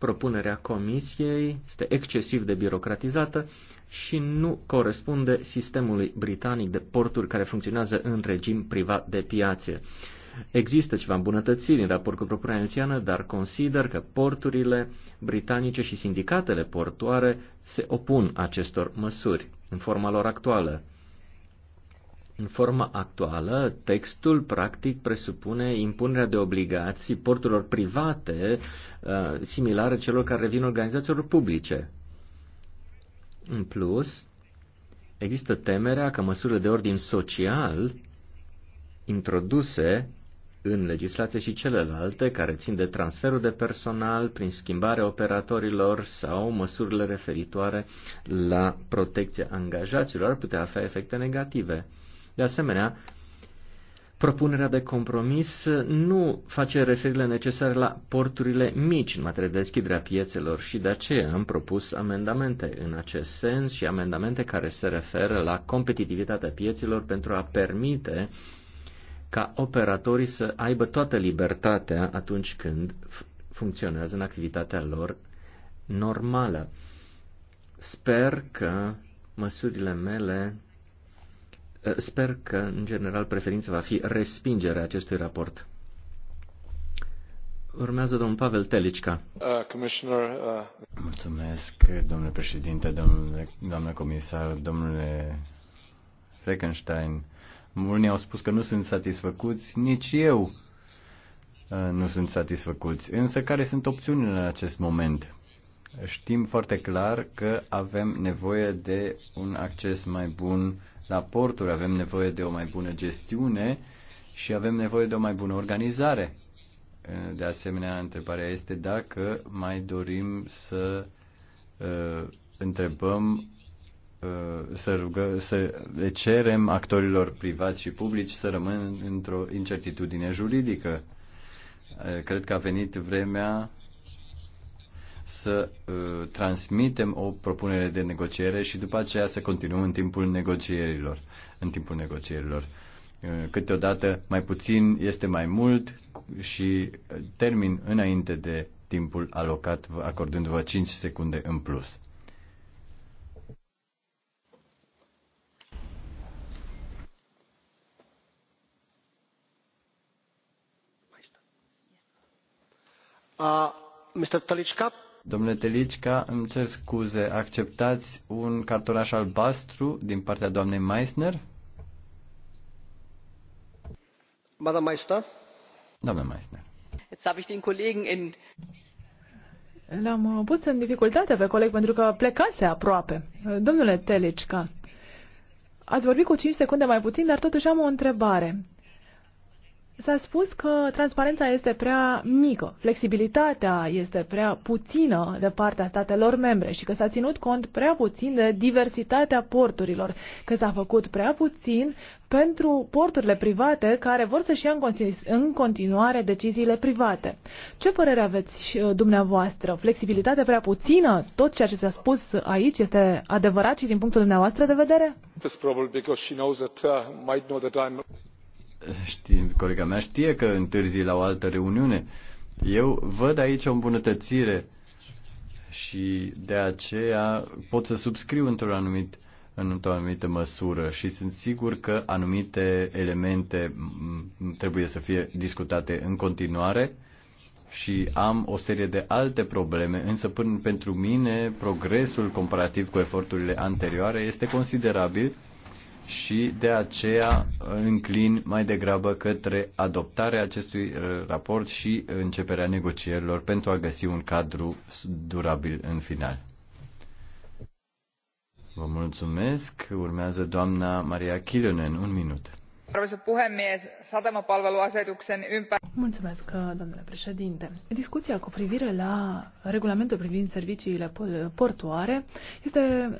propunerea comisiei este excesiv de birocratizată și nu corespunde sistemului britanic de porturi care funcționează în regim privat de piață. Există ceva îmbunătățiri în raport cu propunerea inițială, dar consider că porturile britanice și sindicatele portoare se opun acestor măsuri în forma lor actuală. În forma actuală, textul practic presupune impunerea de obligații porturilor private uh, similare celor care revin organizațiilor publice. În plus, există temerea că măsurile de ordin social introduse în legislație și celelalte care țin de transferul de personal prin schimbarea operatorilor sau măsurile referitoare la protecția angajaților ar putea avea efecte negative. De asemenea, propunerea de compromis nu face referire necesare la porturile mici în materie de deschidere a piețelor și de aceea am propus amendamente în acest sens și amendamente care se referă la competitivitatea piețelor pentru a permite ca operatorii să aibă toată libertatea atunci când funcționează în activitatea lor normală. Sper că măsurile mele Eh, sper că, în general, preferința va fi respingerea acestui raport. Urmează domnul Pavel Telicca. Uh, uh, Mulțumesc, domnule președinte, domnule, doamnă comisar, domnule Frankenstein. Unii au spus că nu sunt satisfăcuți, nici eu uh, nu sunt satisfăcuți. Însă care sunt opțiunile în acest moment? Știm foarte clar că avem nevoie de un acces mai bun la porturi, avem nevoie de o mai bună gestiune și avem nevoie de o mai bună organizare. De asemenea, întrebarea este dacă mai dorim să uh, întrebăm, uh, să, rugă, să le cerem actorilor privați și publici să rămână într-o incertitudine juridică. Uh, cred că a venit vremea să uh, transmitem o propunere de negociere și după aceea să continuăm în timpul negocierilor. În timpul negocierilor. Uh, câteodată mai puțin este mai mult și uh, termin înainte de timpul alocat, acordându-vă 5 secunde în plus. Uh, mr Talichka. Domnule Telicica, îmi cer scuze, acceptați un cartonaș albastru din partea doamnei Meissner? Madame Meissner? Doamne Meissner. L-am uh, pus în dificultate pe coleg pentru că plecase aproape. Domnule Telicica, ați vorbit cu 5 secunde mai puțin, dar totuși am o întrebare. S-a spus că transparența este prea mică, flexibilitatea este prea puțină de partea statelor membre și că s-a ținut cont prea puțin de diversitatea porturilor, că s-a făcut prea puțin pentru porturile private care vor să-și ia în continuare deciziile private. Ce părere aveți uh, dumneavoastră? Flexibilitatea prea puțină? Tot ceea ce s-a spus aici este adevărat și din punctul dumneavoastră de vedere? știi, colega mea știe că întârzi la o altă reuniune. Eu văd aici o îmbunătățire și de aceea pot să subscriu într-un anumit într-o anumită măsură și sunt sigur că anumite elemente trebuie să fie discutate în continuare și am o serie de alte probleme, însă până pentru mine progresul comparativ cu eforturile anterioare este considerabil și de aceea înclin mai degrabă către adoptarea acestui raport și începerea negocierilor pentru a găsi un cadru durabil în final. Vă mulțumesc. Urmează doamna Maria Kilonen. Un minut. Mulțumesc, domnule președinte. Discuția cu privire la regulamentul privind serviciile portoare este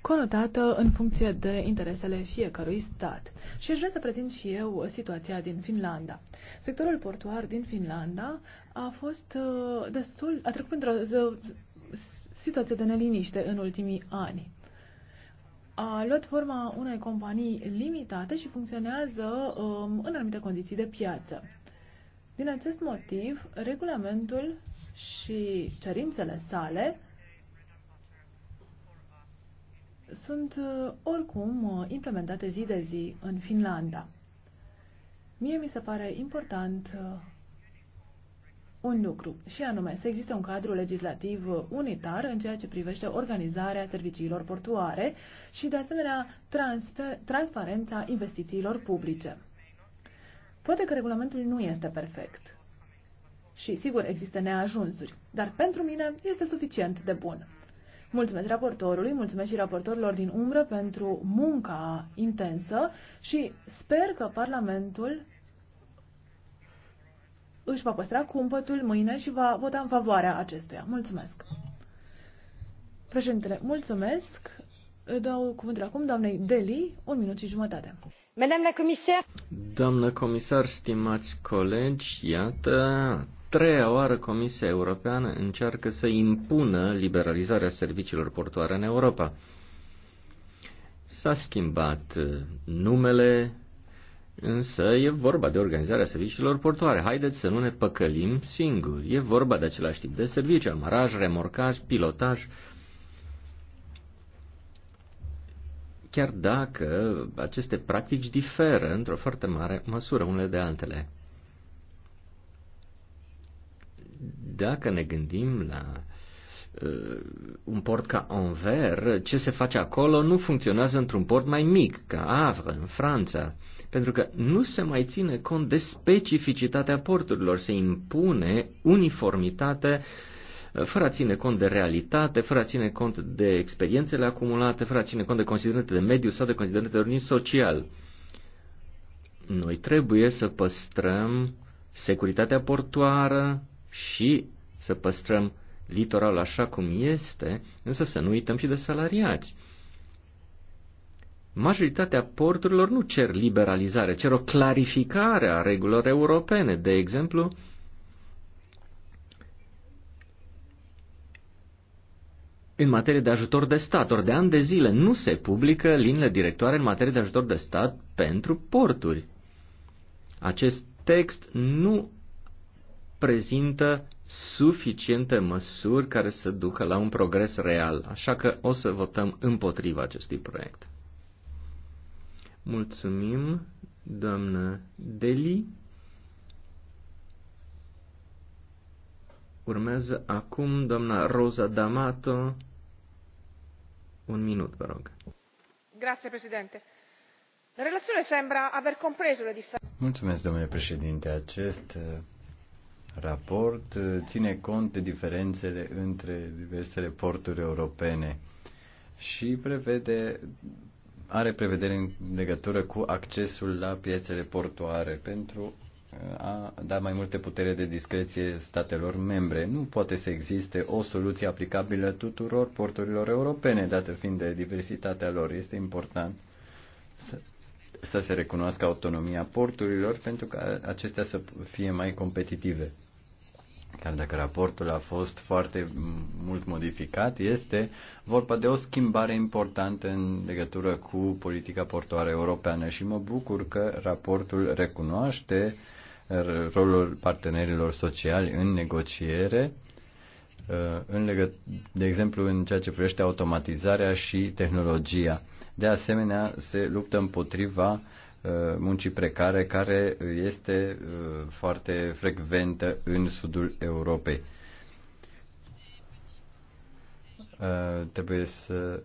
conotată în funcție de interesele fiecărui stat. Și aș vrea să prezint și eu situația din Finlanda. Sectorul portuar din Finlanda a fost uh, destul, a trecut într-o situație de neliniște în ultimii ani. A luat forma unei companii limitate și funcționează um, în anumite condiții de piață. Din acest motiv, regulamentul și cerințele sale sunt uh, oricum uh, implementate zi de zi în Finlanda. Mie mi se pare important uh, un lucru, și anume să existe un cadru legislativ unitar în ceea ce privește organizarea serviciilor portuare și, de asemenea, transparența investițiilor publice. Poate că regulamentul nu este perfect și, sigur, există neajunsuri, dar pentru mine este suficient de bun. Mulțumesc raportorului, mulțumesc și raportorilor din umbră pentru munca intensă și sper că Parlamentul își va păstra cumpătul mâine și va vota în favoarea acestuia. Mulțumesc! Președintele, mulțumesc! Dau cuvântul acum doamnei Deli, un minut și jumătate. Madame comisar! Doamnă comisar, stimați colegi, iată, treia oară Comisia Europeană încearcă să impună liberalizarea serviciilor portoare în Europa. S-a schimbat uh, numele, însă e vorba de organizarea serviciilor portoare. Haideți să nu ne păcălim singuri. E vorba de același tip de servicii, amaraj, remorcaj, pilotaj, chiar dacă aceste practici diferă într-o foarte mare măsură unele de altele dacă ne gândim la uh, un port ca Anvers, ce se face acolo nu funcționează într-un port mai mic, ca Havre, în Franța, pentru că nu se mai ține cont de specificitatea porturilor, se impune uniformitate uh, fără a ține cont de realitate, fără a ține cont de experiențele acumulate, fără a ține cont de considerente de mediu sau de considerente de ordin social. Noi trebuie să păstrăm securitatea portoară, și să păstrăm litoralul așa cum este, însă să nu uităm și de salariați. Majoritatea porturilor nu cer liberalizare, cer o clarificare a regulilor europene. De exemplu, în materie de ajutor de stat. Ori de ani de zile nu se publică liniile directoare în materie de ajutor de stat pentru porturi. Acest text nu prezintă suficiente măsuri care să ducă la un progres real, așa că o să votăm împotriva acestui proiect. Mulțumim, doamnă Deli. Urmează acum doamna Rosa D'Amato. Un minut, vă rog. Grazie, președinte. La relazione sembra aver compreso le differenze. Mulțumesc, domnule președinte. Acest raport uh, ține cont de diferențele între diversele porturi europene și prevede, are prevedere în legătură cu accesul la piețele portoare pentru uh, a da mai multe putere de discreție statelor membre. Nu poate să existe o soluție aplicabilă tuturor porturilor europene, dată fiind de diversitatea lor. Este important să, să se recunoască autonomia porturilor pentru ca acestea să fie mai competitive chiar dacă raportul a fost foarte mult modificat, este vorba de o schimbare importantă în legătură cu politica portoare europeană și mă bucur că raportul recunoaște rolul partenerilor sociali în negociere, uh, în legăt- de exemplu în ceea ce privește automatizarea și tehnologia. De asemenea, se luptă împotriva uh, Uh, muncii precare care uh, este uh, foarte frecventă în sudul Europei. Trebuie să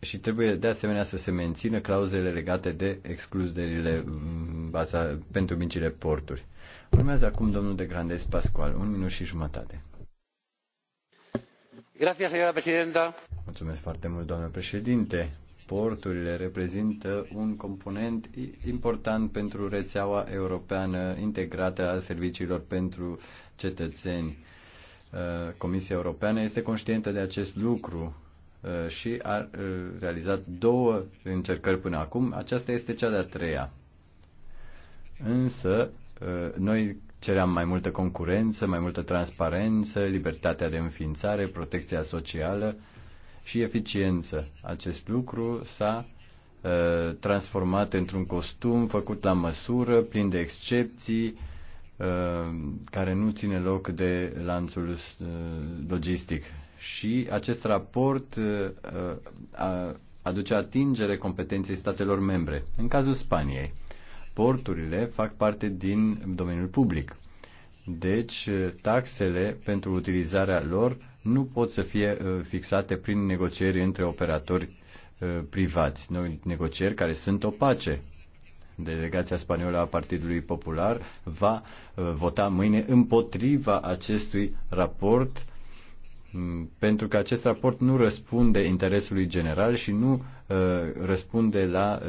și trebuie de asemenea să se mențină clauzele legate de excluderile mm, baza, pentru micile porturi. Urmează acum domnul de Grandes Pascual, un minut și jumătate. Gracias, señora presidenta. Mulțumesc foarte mult, doamnă președinte. Porturile reprezintă un component important pentru rețeaua europeană integrată a serviciilor pentru cetățeni. Uh, Comisia Europeană este conștientă de acest lucru uh, și a uh, realizat două încercări până acum. Aceasta este cea de-a treia. Însă, noi ceream mai multă concurență, mai multă transparență, libertatea de înființare, protecția socială, și eficiență. Acest lucru s-a uh, transformat într-un costum făcut la măsură, plin de excepții, uh, care nu ține loc de lanțul uh, logistic. Și acest raport aduce atingere competenței statelor membre. În cazul Spaniei, porturile fac parte din domeniul public. Deci, taxele pentru utilizarea lor nu pot să fie uh, fixate prin negocieri între operatori uh, privați, Noi negocieri care sunt opace. Delegația spaniolă a Partidului Popular va uh, vota mâine împotriva acestui raport mm, pentru că acest raport nu răspunde interesului general și nu răspunde la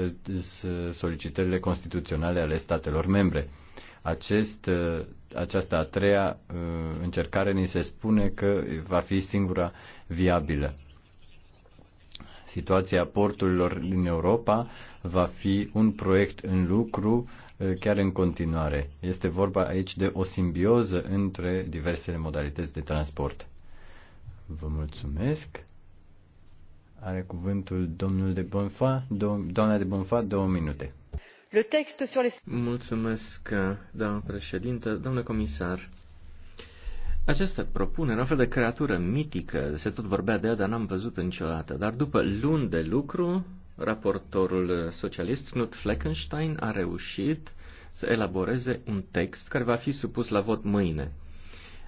solicitările constituționale ale statelor membre. Acest, uh, această a treia uh, încercare ni se spune că va fi singura viabilă. Situația porturilor din Europa va fi un proiect în lucru uh, chiar în continuare. Este vorba aici de o simbioză între diversele modalități de transport. Vă mulțumesc. Are cuvântul domnul de Bonfa, do- doamna de Bonfa, două minute. Le texte sur les... Mulțumesc, doamnă președintă, domnule comisar. Această propunere, o fel de creatură mitică, se tot vorbea de ea, dar n-am văzut niciodată. Dar după luni de lucru, raportorul socialist Knut Fleckenstein a reușit să elaboreze un text care va fi supus la vot mâine.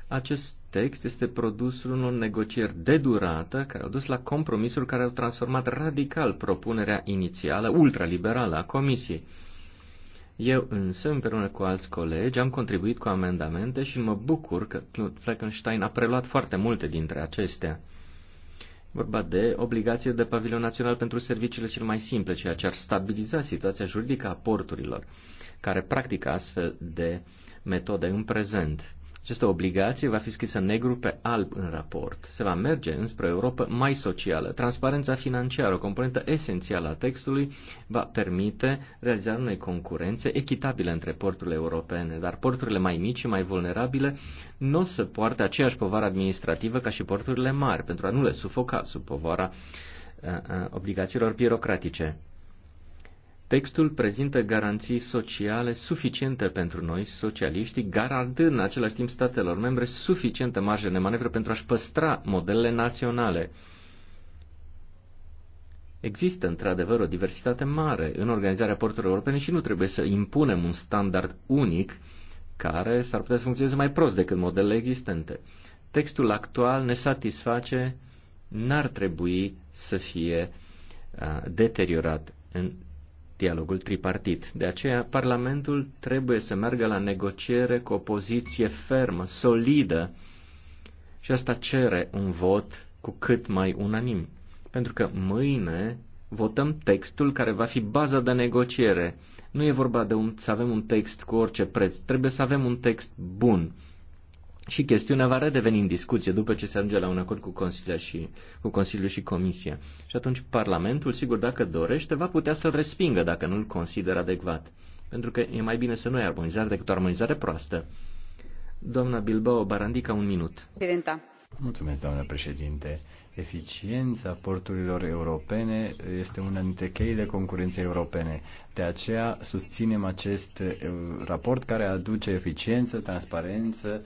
Acest text este produsul unor negocieri de durată care au dus la compromisuri care au transformat radical propunerea inițială ultraliberală a Comisiei. Eu însă, împreună cu alți colegi, am contribuit cu amendamente și mă bucur că Knut Fleckenstein a preluat foarte multe dintre acestea. Vorba de obligație de pavilion național pentru serviciile cel mai simple, ceea ce ar stabiliza situația juridică a porturilor, care practică astfel de metode în prezent. Această obligație va fi scrisă negru pe alb în raport. Se va merge înspre o Europa mai socială. Transparența financiară, o componentă esențială a textului, va permite realizarea unei concurențe echitabile între porturile europene, dar porturile mai mici și mai vulnerabile nu o să poarte aceeași povară administrativă ca și porturile mari, pentru a nu le sufoca sub povara uh, uh, obligațiilor birocratice. Textul prezintă garanții sociale suficiente pentru noi, socialiștii, garantând în același timp statelor membre suficientă marjă de manevră pentru a-și păstra modelele naționale. Există într-adevăr o diversitate mare în organizarea porturilor europene și nu trebuie să impunem un standard unic care s-ar putea să funcționeze mai prost decât modelele existente. Textul actual ne satisface, n-ar trebui să fie uh, deteriorat în dialogul tripartit. De aceea, Parlamentul trebuie să meargă la negociere cu o poziție fermă, solidă și asta cere un vot cu cât mai unanim. Pentru că mâine votăm textul care va fi baza de negociere. Nu e vorba de un, să avem un text cu orice preț, trebuie să avem un text bun și chestiunea va redeveni în discuție după ce se ajunge la un acord cu și, cu Consiliul și Comisia. Și atunci Parlamentul, sigur, dacă dorește, va putea să-l respingă dacă nu-l consideră adecvat. Pentru că e mai bine să nu ai armonizare decât o armonizare proastă. Doamna Bilbao Barandica, un minut. Presidenta. Mulțumesc, doamnă președinte. Eficiența porturilor europene este una dintre cheile concurenței europene. De aceea susținem acest eh, raport care aduce eficiență, transparență,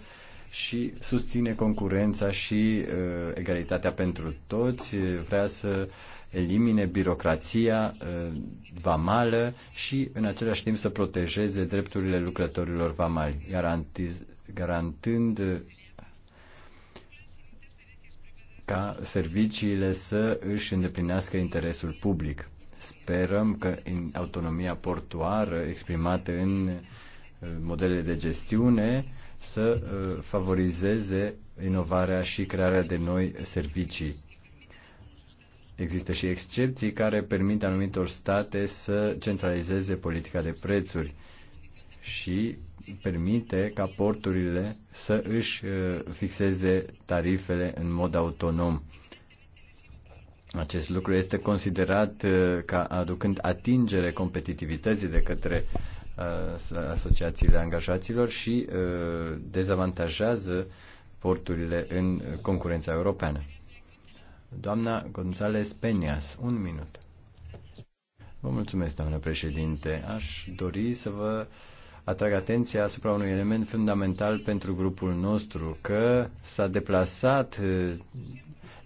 și susține concurența și uh, egalitatea pentru toți, uh, vrea să elimine birocrația uh, vamală și în același timp să protejeze drepturile lucrătorilor vamali, garantiz, garantând uh, ca serviciile să își îndeplinească interesul public. Sperăm că în autonomia portuară exprimată în uh, modele de gestiune să uh, favorizeze inovarea și crearea de noi servicii. Există și excepții care permit anumitor state să centralizeze politica de prețuri și permite ca porturile să își uh, fixeze tarifele în mod autonom. Acest lucru este considerat uh, ca aducând atingere competitivității de către asociațiile angajaților și dezavantajează porturile în concurența europeană. Doamna González Peñas, un minut. Vă mulțumesc, doamnă președinte. Aș dori să vă atrag atenția asupra unui element fundamental pentru grupul nostru, că s-a deplasat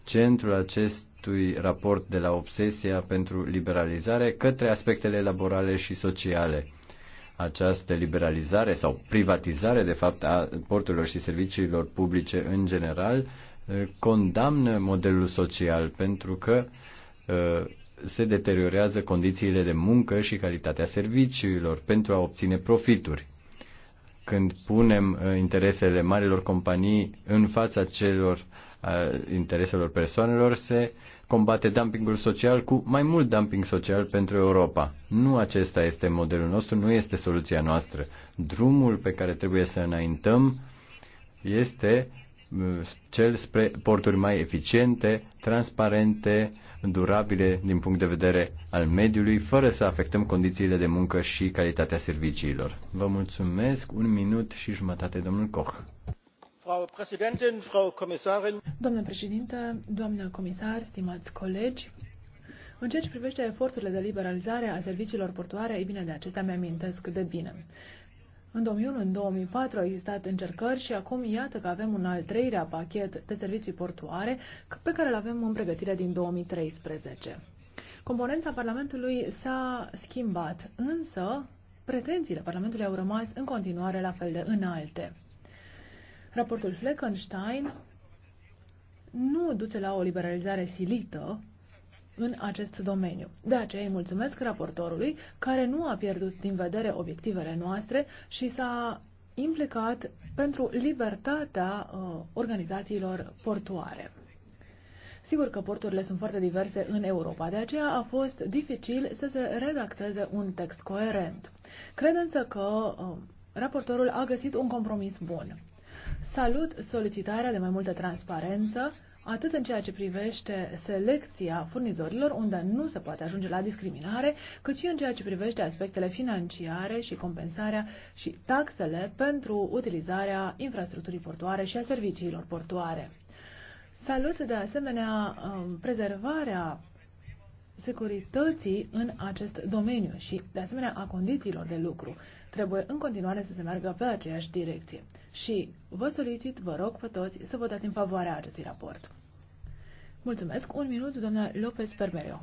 centrul acestui raport de la obsesia pentru liberalizare către aspectele laborale și sociale această liberalizare sau privatizare, de fapt, a porturilor și serviciilor publice în general, eh, condamnă modelul social pentru că eh, se deteriorează condițiile de muncă și calitatea serviciilor pentru a obține profituri. Când punem eh, interesele marilor companii în fața celor intereselor persoanelor, se uh, combate dumpingul social cu mai mult dumping social pentru Europa. Nu acesta este modelul nostru, nu este soluția noastră. Drumul pe care trebuie să înaintăm este uh, cel spre porturi mai eficiente, transparente, durabile din punct de vedere al mediului, fără să afectăm condițiile de muncă și calitatea serviciilor. Vă mulțumesc. Un minut și jumătate, domnul Koch. Doamnă președinte, doamnă comisar, stimați colegi, în ceea ce privește eforturile de liberalizare a serviciilor portuare, ei bine, de acestea mi-amintesc de bine. În 2001, în 2004 au existat încercări și acum iată că avem un al treilea pachet de servicii portuare pe care îl avem în pregătire din 2013. Componența Parlamentului s-a schimbat, însă pretențiile Parlamentului au rămas în continuare la fel de înalte. Raportul Fleckenstein nu duce la o liberalizare silită în acest domeniu. De aceea îi mulțumesc raportorului care nu a pierdut din vedere obiectivele noastre și s-a implicat pentru libertatea uh, organizațiilor portoare. Sigur că porturile sunt foarte diverse în Europa, de aceea a fost dificil să se redacteze un text coerent. Cred însă că uh, raportorul a găsit un compromis bun. Salut solicitarea de mai multă transparență, atât în ceea ce privește selecția furnizorilor, unde nu se poate ajunge la discriminare, cât și în ceea ce privește aspectele financiare și compensarea și taxele pentru utilizarea infrastructurii portoare și a serviciilor portoare. Salut de asemenea um, prezervarea securității în acest domeniu și, de asemenea, a condițiilor de lucru. Trebuie în continuare să se meargă pe aceeași direcție. Și vă solicit, vă rog pe toți să votați în favoarea acestui raport. Mulțumesc. Un minut, doamna Lopez Permereo.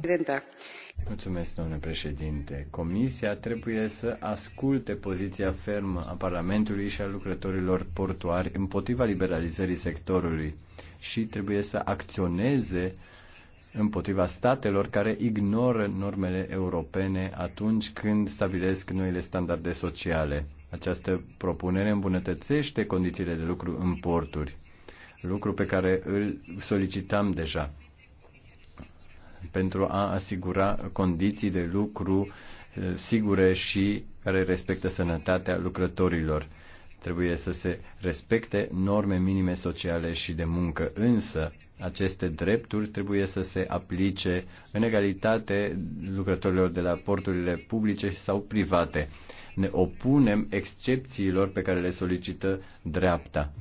Mulțumesc, domnule președinte. Comisia trebuie să asculte poziția fermă a Parlamentului și a lucrătorilor portuari împotriva liberalizării sectorului și trebuie să acționeze împotriva statelor care ignoră normele europene atunci când stabilesc noile standarde sociale. Această propunere îmbunătățește condițiile de lucru în porturi, lucru pe care îl solicitam deja pentru a asigura condiții de lucru eh, sigure și care respectă sănătatea lucrătorilor. Trebuie să se respecte norme minime sociale și de muncă, însă aceste drepturi trebuie să se aplice în egalitate lucrătorilor de la porturile publice sau private. Ne opunem excepțiilor pe care le solicită dreapta.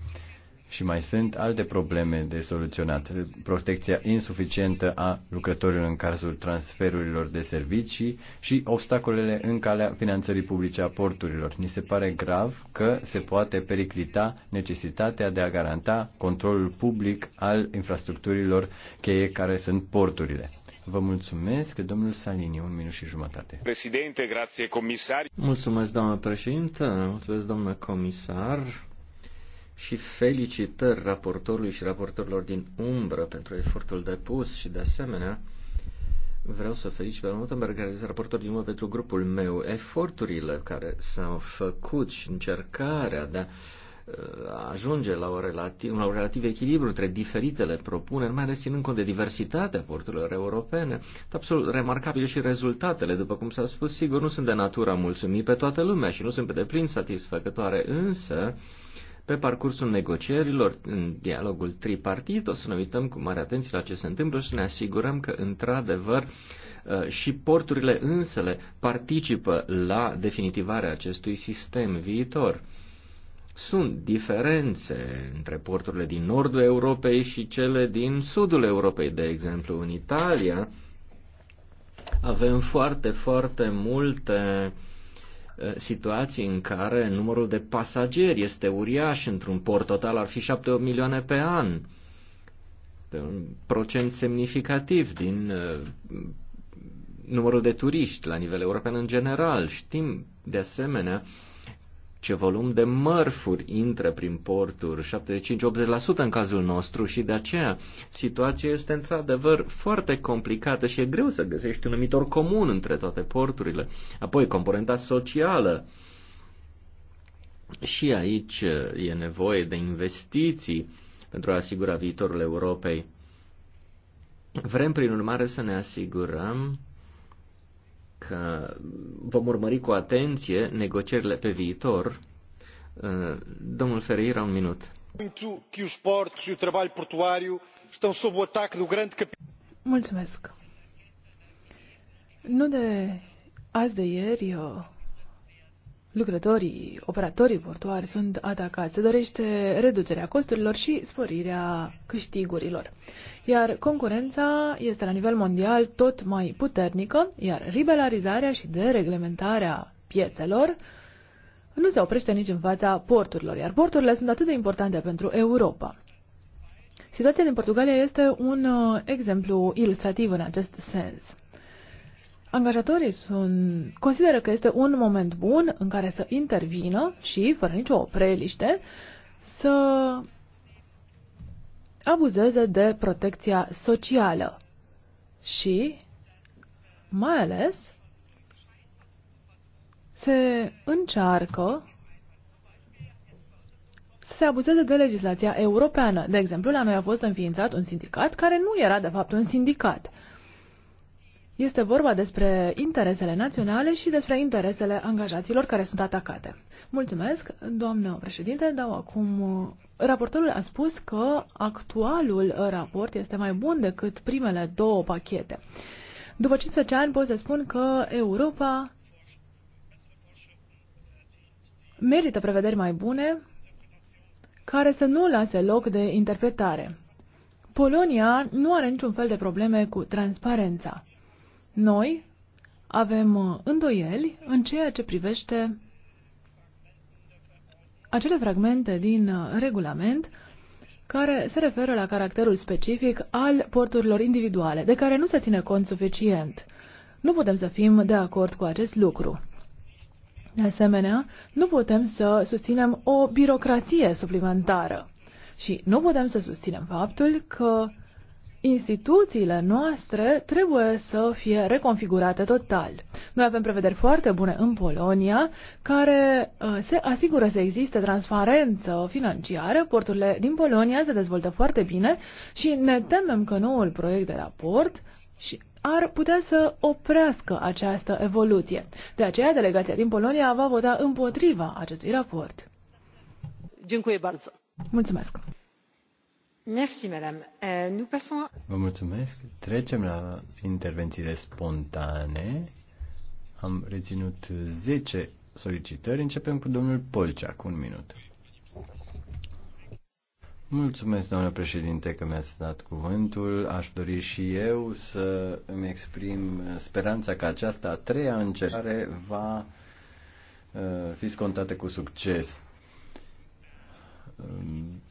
Și mai sunt alte probleme de soluționat. Protecția insuficientă a lucrătorilor în cazul transferurilor de servicii și obstacolele în calea finanțării publice a porturilor. Ni se pare grav că se poate periclita necesitatea de a garanta controlul public al infrastructurilor cheie care sunt porturile. Vă mulțumesc, domnul Salini, un minut și jumătate. Președinte, grație comisar. Mulțumesc, doamnă președinte, mulțumesc, domnule comisar și felicitări raportorului și raportorilor din umbră pentru efortul depus și de asemenea vreau să felicit pe Rottenberg, care este raportor din umbră pentru grupul meu. Eforturile care s-au făcut și încercarea de a uh, ajunge la, o relativ, la un relativ echilibru între diferitele propuneri, mai ales ținând cont de diversitatea porturilor europene. Absolut remarcabil și rezultatele, după cum s-a spus, sigur, nu sunt de natura mulțumit pe toată lumea și nu sunt pe deplin satisfăcătoare, însă uh, pe parcursul negocierilor, în dialogul tripartit, o să ne uităm cu mare atenție la ce se întâmplă și să ne asigurăm că, într-adevăr, uh, și porturile însele participă la definitivarea acestui sistem viitor. Sunt diferențe între porturile din nordul Europei și cele din sudul Europei, de exemplu, în Italia. Avem foarte, foarte multe uh, Eh, situații în care numărul de pasageri este uriaș, într-un port total ar fi 7 milioane pe an. Este un procent semnificativ din eh, numărul de turiști la nivel european în general. Știm de asemenea ce volum de mărfuri intră prin porturi, 75-80% în cazul nostru și de aceea situația este într-adevăr foarte complicată și e greu să găsești un numitor comun între toate porturile. Apoi componenta socială. Și aici e nevoie de investiții pentru a asigura viitorul Europei. Vrem, prin urmare, să ne asigurăm că vom urmări cu atenție negocierile pe viitor. Uh, domnul Ferreira, un minut. Mulțumesc. Nu de azi de ieri, lucrătorii, operatorii portuari sunt atacați. Se dorește reducerea costurilor și sporirea câștigurilor. Iar concurența este la nivel mondial tot mai puternică, iar ribelarizarea și dereglementarea piețelor nu se oprește nici în fața porturilor, iar porturile sunt atât de importante pentru Europa. Situația din Portugalia este un uh, exemplu ilustrativ în acest sens. Angajatorii sunt, consideră că este un moment bun în care să intervină și, fără nicio preliște, să abuzeze de protecția socială și, mai ales, se încearcă să se abuzeze de legislația europeană. De exemplu, la noi a fost înființat un sindicat care nu era, de fapt, un sindicat. Este vorba despre interesele naționale și despre interesele angajaților care sunt atacate. Mulțumesc, doamnă președinte. Dau acum. Raportorul a spus că actualul raport este mai bun decât primele două pachete. După 15 ani pot să spun că Europa merită prevederi mai bune care să nu lase loc de interpretare. Polonia nu are niciun fel de probleme cu transparența. Noi avem uh, îndoieli în ceea ce privește acele fragmente din uh, regulament care se referă la caracterul specific al porturilor individuale, de care nu se ține cont suficient. Nu putem să fim de acord cu acest lucru. De asemenea, nu putem să susținem o birocrație suplimentară și nu putem să susținem faptul că instituțiile noastre trebuie să fie reconfigurate total. Noi avem prevederi foarte bune în Polonia care uh, se asigură să existe transparență financiară. Porturile din Polonia se dezvoltă foarte bine și ne temem că noul proiect de raport și ar putea să oprească această evoluție. De aceea, delegația din Polonia va vota împotriva acestui raport. Mulțumesc! Euh, Vă mulțumesc. Trecem la intervențiile spontane. Am reținut 10 solicitări. Începem cu domnul Polcea, cu un minut. Mulțumesc, domnule președinte, că mi-ați dat cuvântul. Aș dori și eu să îmi exprim speranța că această a treia încercare va uh, fi scontată cu succes um,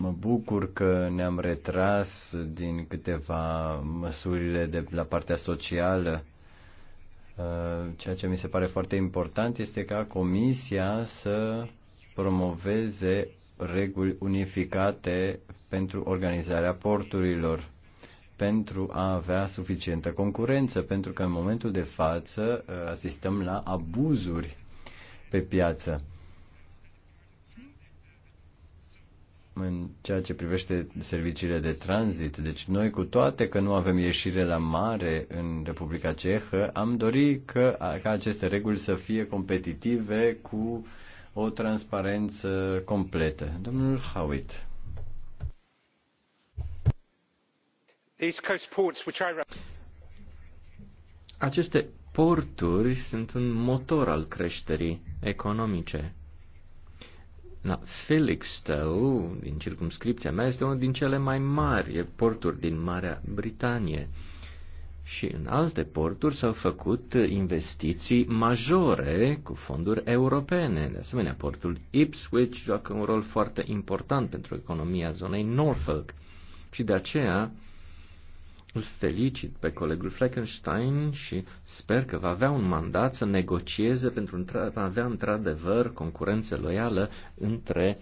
Mă bucur că ne-am retras din câteva măsurile de la partea socială. Uh, ceea ce mi se pare foarte important este ca Comisia să promoveze reguli unificate pentru organizarea porturilor, pentru a avea suficientă concurență, pentru că în momentul de față uh, asistăm la abuzuri pe piață. în ceea ce privește serviciile de tranzit. Deci noi, cu toate că nu avem ieșire la mare în Republica Cehă, am dori că, ca aceste reguli să fie competitive cu o transparență completă. Domnul Howitt. Aceste porturi sunt un motor al creșterii economice Na, Felixstowe, din circumscripția mea, este unul din cele mai mari porturi din Marea Britanie. Și în alte porturi s-au făcut investiții majore cu fonduri europene. De asemenea, portul Ipswich joacă un rol foarte important pentru economia zonei Norfolk. Și de aceea, îl felicit pe colegul Fleckenstein și sper că va avea un mandat să negocieze pentru a avea într-adevăr concurență loială între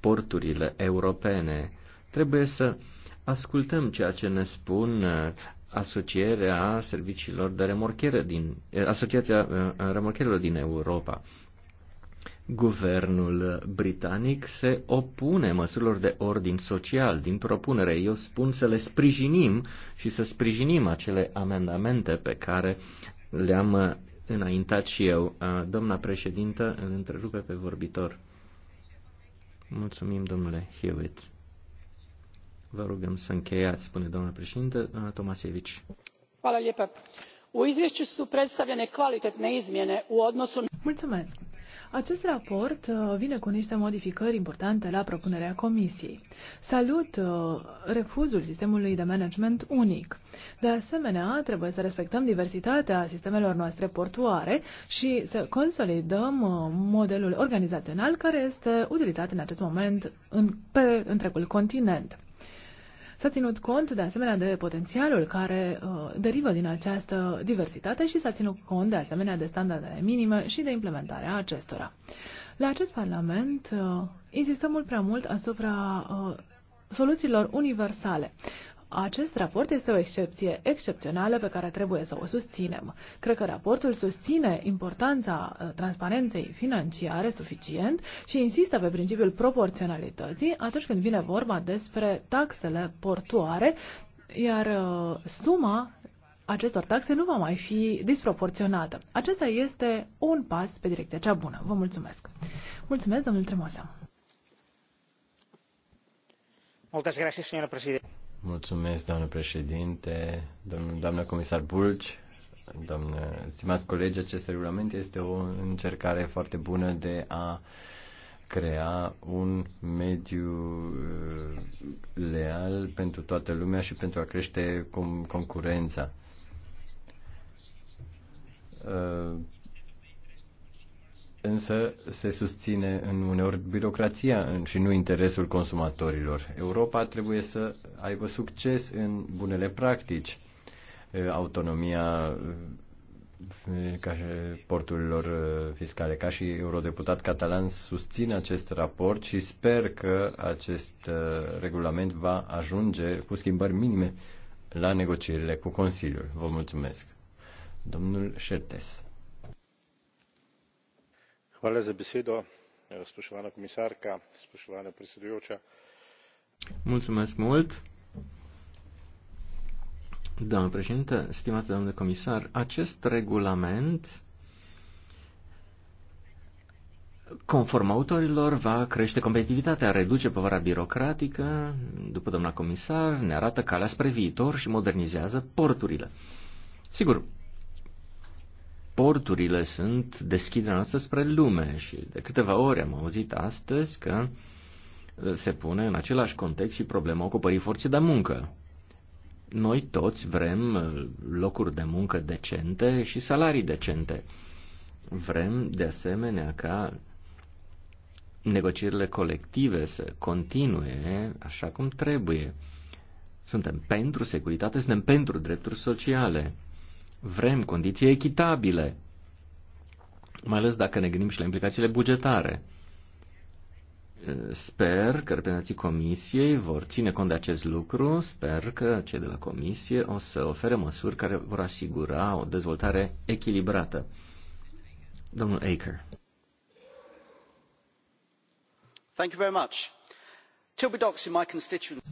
porturile europene. Trebuie să ascultăm ceea ce ne spun uh, asocierea serviciilor de remorchere din, eh, asociația uh, remorcherilor din Europa. Guvernul britanic se opune măsurilor de ordin social din propunere. Eu spun să le sprijinim și să sprijinim acele amendamente pe care le-am înaintat și eu. Doamna președintă îl întrerupe pe vorbitor. Mulțumim, domnule Hewitt. Vă rugăm să încheiați, spune doamna președintă, doamna Tomasevici. Hvala lijepa. U izvješću su predstavljene kvalitetne izmjene u odnosu... Mulțumesc. Acest raport uh, vine cu niște modificări importante la propunerea Comisiei. Salut uh, refuzul sistemului de management unic. De asemenea, trebuie să respectăm diversitatea sistemelor noastre portuare și să consolidăm uh, modelul organizațional care este utilizat în acest moment în, pe întregul continent. S-a ținut cont de asemenea de potențialul care uh, derivă din această diversitate și s-a ținut cont de asemenea de standardele minime și de implementarea acestora. La acest Parlament uh, insistăm mult prea mult asupra uh, soluțiilor universale. Acest raport este o excepție excepțională pe care trebuie să o susținem. Cred că raportul susține importanța uh, transparenței financiare suficient și insistă pe principiul proporționalității atunci când vine vorba despre taxele portoare, iar uh, suma acestor taxe nu va mai fi disproporționată. Acesta este un pas pe direcția cea bună. Vă mulțumesc. Mulțumesc, domnul Tremosa. Mulțumesc, domnule președinte. Mulțumesc, doamnă președinte, doamnă comisar Bulci, doamnă, stimați colegi, acest regulament este o încercare foarte bună de a crea un mediu uh, leal pentru toată lumea și pentru a crește concurența uh, însă se susține în uneori birocrația și nu interesul consumatorilor. Europa trebuie să aibă succes în bunele practici, autonomia ca și porturilor fiscale. Ca și eurodeputat catalan susțin acest raport și sper că acest regulament va ajunge cu schimbări minime la negocierile cu Consiliul. Vă mulțumesc. Domnul Șertes. Hvala za besedo, eh, spoštovana komisarka, spoštovana predsedujoča. Mulțumesc mult. Doamnă președintă, stimată domnule comisar, acest regulament conform autorilor, va crește competitivitatea, reduce povara birocratică, după doamna comisar, ne arată calea spre viitor și modernizează porturile. Sigur, porturile sunt deschiderea noastră spre lume și de câteva ori am auzit astăzi că uh, se pune în același context și problema ocupării forței de muncă. Noi toți vrem uh, locuri de muncă decente și salarii decente. Vrem, de asemenea, ca negocierile colective să continue așa cum trebuie. Suntem pentru securitate, suntem pentru drepturi sociale. Vrem condiții echitabile, mai ales dacă ne gândim și la implicațiile bugetare. Sper că reprezentanții Comisiei vor ține cont de acest lucru, sper că cei de la Comisie o să ofere măsuri care vor asigura o dezvoltare echilibrată. Domnul Aker.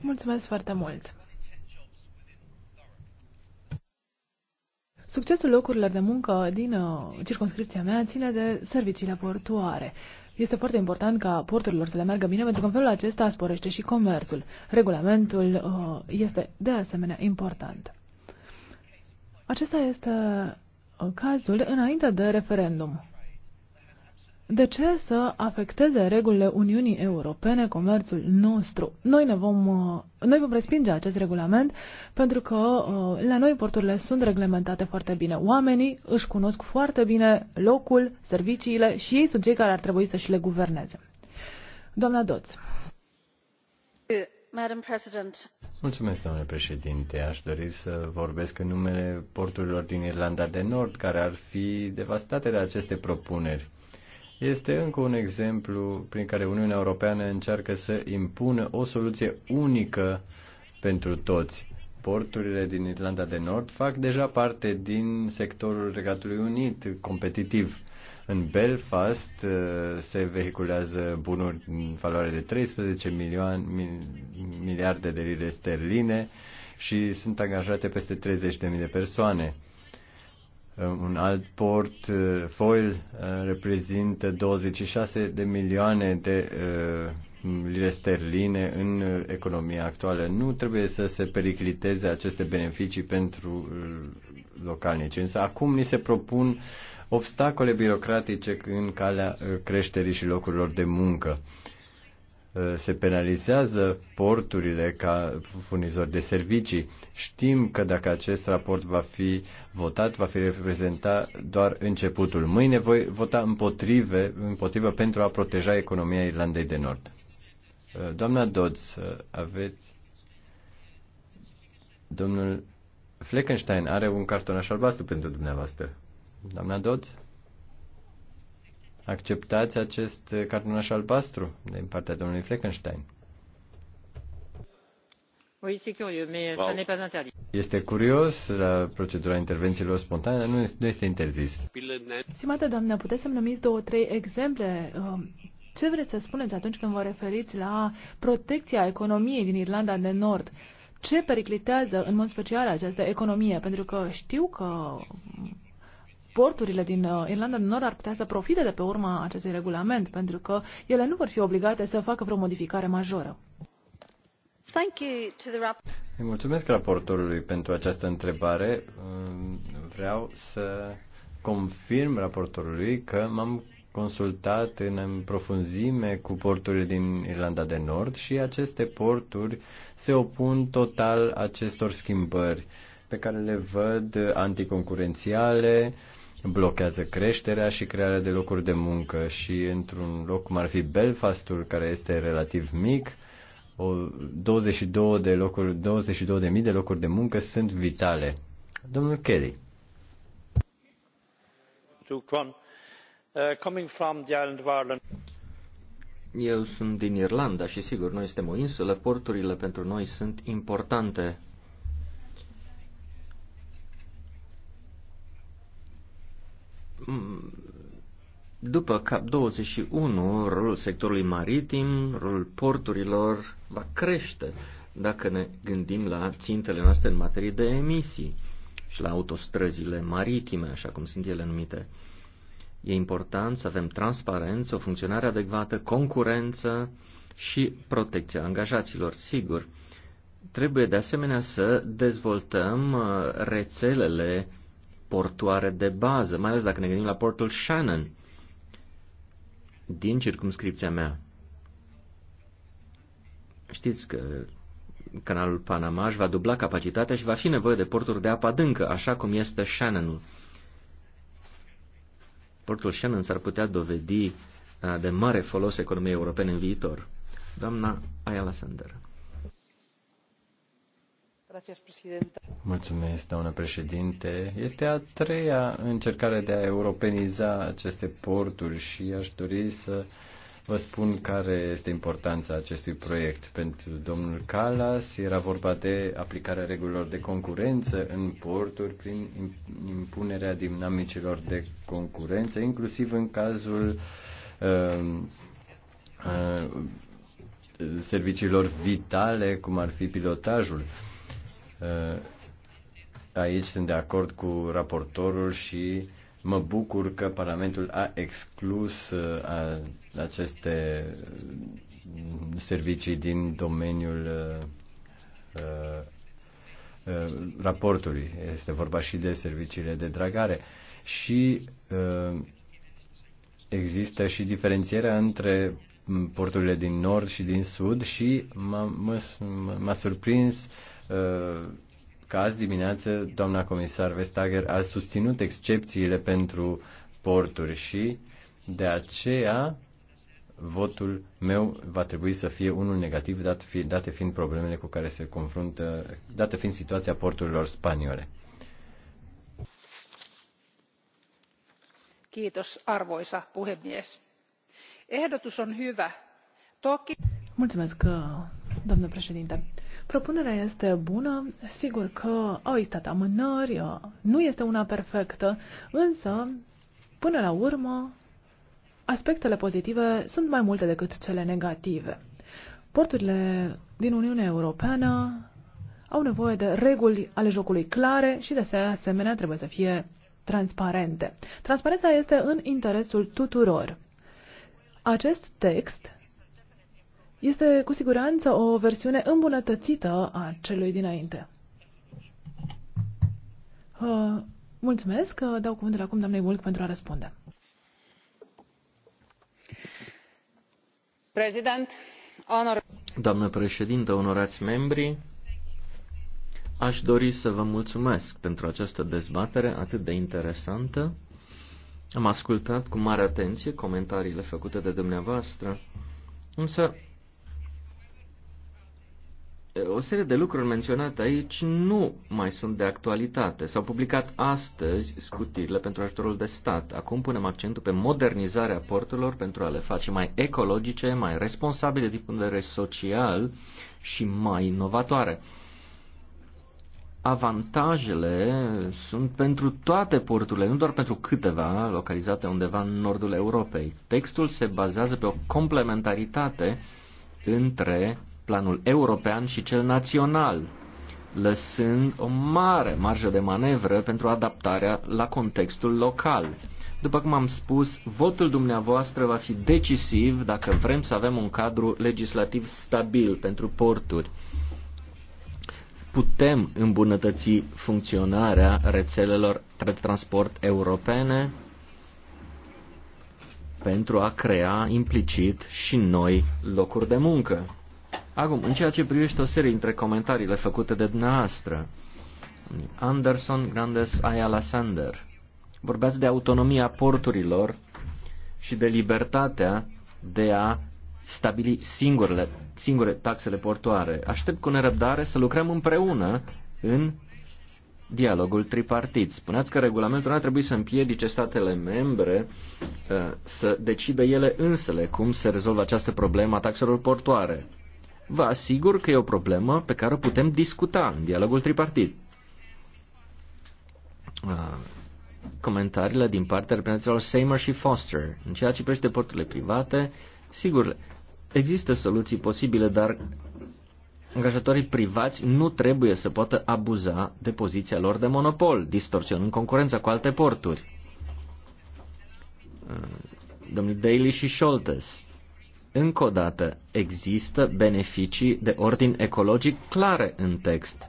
Mulțumesc foarte mult. Succesul locurilor de muncă din uh, circunscripția mea ține de serviciile portoare. Este foarte important ca porturilor să le meargă bine, pentru că în felul acesta sporește și comerțul. Regulamentul uh, este de asemenea important. Acesta este uh, cazul înainte de referendum. De ce să afecteze regulile Uniunii Europene comerțul nostru? Noi, ne vom, uh, noi vom respinge acest regulament pentru că uh, la noi porturile sunt reglementate foarte bine. Oamenii își cunosc foarte bine locul, serviciile și ei sunt cei care ar trebui să și le guverneze. Doamna Doț. Mulțumesc, domnule președinte. Aș dori să vorbesc în numele porturilor din Irlanda de Nord, care ar fi devastate de aceste propuneri este încă un exemplu prin care Uniunea Europeană încearcă să impună o soluție unică pentru toți. Porturile din Irlanda de Nord fac deja parte din sectorul Regatului Unit competitiv. În Belfast uh, se vehiculează bunuri în valoare de 13 milioane, miliarde de lire sterline și sunt angajate peste 30.000 de persoane. Uh, un alt port, uh, foil, uh, reprezintă 26 de milioane de lire sterline în economia actuală. Nu trebuie să se pericliteze aceste beneficii pentru localnici, însă acum ni se propun obstacole birocratice în calea creșterii și locurilor de muncă. Uh, Uh, se penalizează porturile ca furnizori de servicii. Știm că dacă acest raport va fi votat, va fi reprezentat doar începutul. Mâine voi vota împotrive, împotrivă pentru a proteja economia Irlandei de Nord. Uh, doamna Dodds, uh, aveți... Domnul Fleckenstein are un cartonaș albastru pentru dumneavoastră. Doamna Dodds? Acceptați acest cartonaș albastru din partea domnului Fleckenstein? Este curios la procedura intervențiilor spontane, nu este, nu este interzis. Stimată doamnă, puteți să-mi numiți două, trei exemple? Um, ce vreți să spuneți atunci când vă referiți la protecția economiei din Irlanda de Nord? Ce periclitează în mod special această economie? Pentru că știu că porturile din uh, Irlanda de Nord ar putea să profite de pe urma acestui regulament, pentru că ele nu vor fi obligate să facă vreo modificare majoră. Thank you to the rap- Îi mulțumesc raportorului pentru această întrebare. Vreau să confirm raportorului că m-am consultat în, în profunzime cu porturile din Irlanda de Nord și aceste porturi se opun total acestor schimbări pe care le văd anticoncurențiale, blochează creșterea și crearea de locuri de muncă și într-un loc cum ar fi Belfastul, care este relativ mic, o 22 de locuri, 22 de mii de locuri de muncă sunt vitale. Domnul Kelly. Uh, Eu sunt din Irlanda și sigur, noi suntem o insulă, porturile pentru noi sunt importante Mm, după CAP21, rolul sectorului maritim, rolul porturilor va crește dacă ne gândim la țintele noastre în materie de emisii și la autostrăzile maritime, așa cum sunt ele numite. E important să avem transparență, o funcționare adecvată, concurență și protecția angajaților, sigur. Trebuie de asemenea să dezvoltăm uh, rețelele portoare de bază, mai ales dacă ne gândim la portul Shannon din circumscripția mea. Știți că canalul Panama își va dubla capacitatea și va fi nevoie de porturi de apă adâncă, așa cum este Shannonul. Portul Shannon s-ar putea dovedi uh, de mare folos economiei europene în viitor. Doamna Ayala Sandera. Mulțumesc, doamnă președinte. Este a treia încercare de a europeniza aceste porturi și aș dori să vă spun care este importanța acestui proiect. Pentru domnul Calas era vorba de aplicarea regulilor de concurență în porturi prin impunerea dinamicilor de concurență, inclusiv în cazul uh, uh, serviciilor vitale, cum ar fi pilotajul. Uh, aici sunt de acord cu raportorul și mă bucur că Parlamentul a exclus uh, aceste uh, servicii din domeniul raportului. Este vorba și de serviciile de dragare. Și există și diferențierea între mm, porturile din nord și din sud și m-a surprins uh, Uh, caz dimineață, doamna comisar Vestager a susținut excepțiile pentru porturi și de aceea votul meu va trebui să fie unul negativ, dat fi, date fiind problemele cu care se confruntă, date fiind situația porturilor spaniole. Kiitos, arvoisa puhemies. Ehdotus on hyvä. Toki... Mulțumesc, uh, Domnule președinte, propunerea este bună. Sigur că au existat amânări, uh, nu este una perfectă, însă, până la urmă, aspectele pozitive sunt mai multe decât cele negative. Porturile din Uniunea Europeană au nevoie de reguli ale jocului clare și de asemenea trebuie să fie transparente. Transparența este în interesul tuturor. Acest text este cu siguranță o versiune îmbunătățită a celui dinainte. Uh, mulțumesc. Dau cuvântul acum doamnei Mulc pentru a răspunde. President, honor... Doamnă președintă, onorați membri, aș dori să vă mulțumesc pentru această dezbatere atât de interesantă. Am ascultat cu mare atenție comentariile făcute de dumneavoastră, însă o serie de lucruri menționate aici nu mai sunt de actualitate. S-au publicat astăzi scutirile pentru ajutorul de stat. Acum punem accentul pe modernizarea porturilor pentru a le face mai ecologice, mai responsabile din punct de vedere social și mai inovatoare. Avantajele sunt pentru toate porturile, nu doar pentru câteva localizate undeva în nordul Europei. Textul se bazează pe o complementaritate între planul european și cel național, lăsând o mare marjă de manevră pentru adaptarea la contextul local. După cum am spus, votul dumneavoastră va fi decisiv dacă vrem să avem un cadru legislativ stabil pentru porturi. Putem îmbunătăți funcționarea rețelelor de transport europene pentru a crea implicit și noi locuri de muncă. Acum, în ceea ce privește o serie dintre comentariile făcute de dumneavoastră, Anderson Grandes Ayala Sander, vorbeați de autonomia porturilor și de libertatea de a stabili singurele, singure taxele portoare. Aștept cu nerăbdare să lucrăm împreună în dialogul tripartit. Spuneați că regulamentul nu ar trebui să împiedice statele membre uh, să decidă ele însele cum se rezolvă această problemă a taxelor portoare vă asigur că e o problemă pe care o putem discuta în dialogul tripartit. Uh, comentariile din partea reprezentanților Seymour și Foster. În ceea ce privește porturile private, sigur, există soluții posibile, dar angajatorii privați nu trebuie să poată abuza de poziția lor de monopol, distorsionând concurența cu alte porturi. Uh, Domnul Daly și Scholtes încă o dată, există beneficii de ordin ecologic clare în text.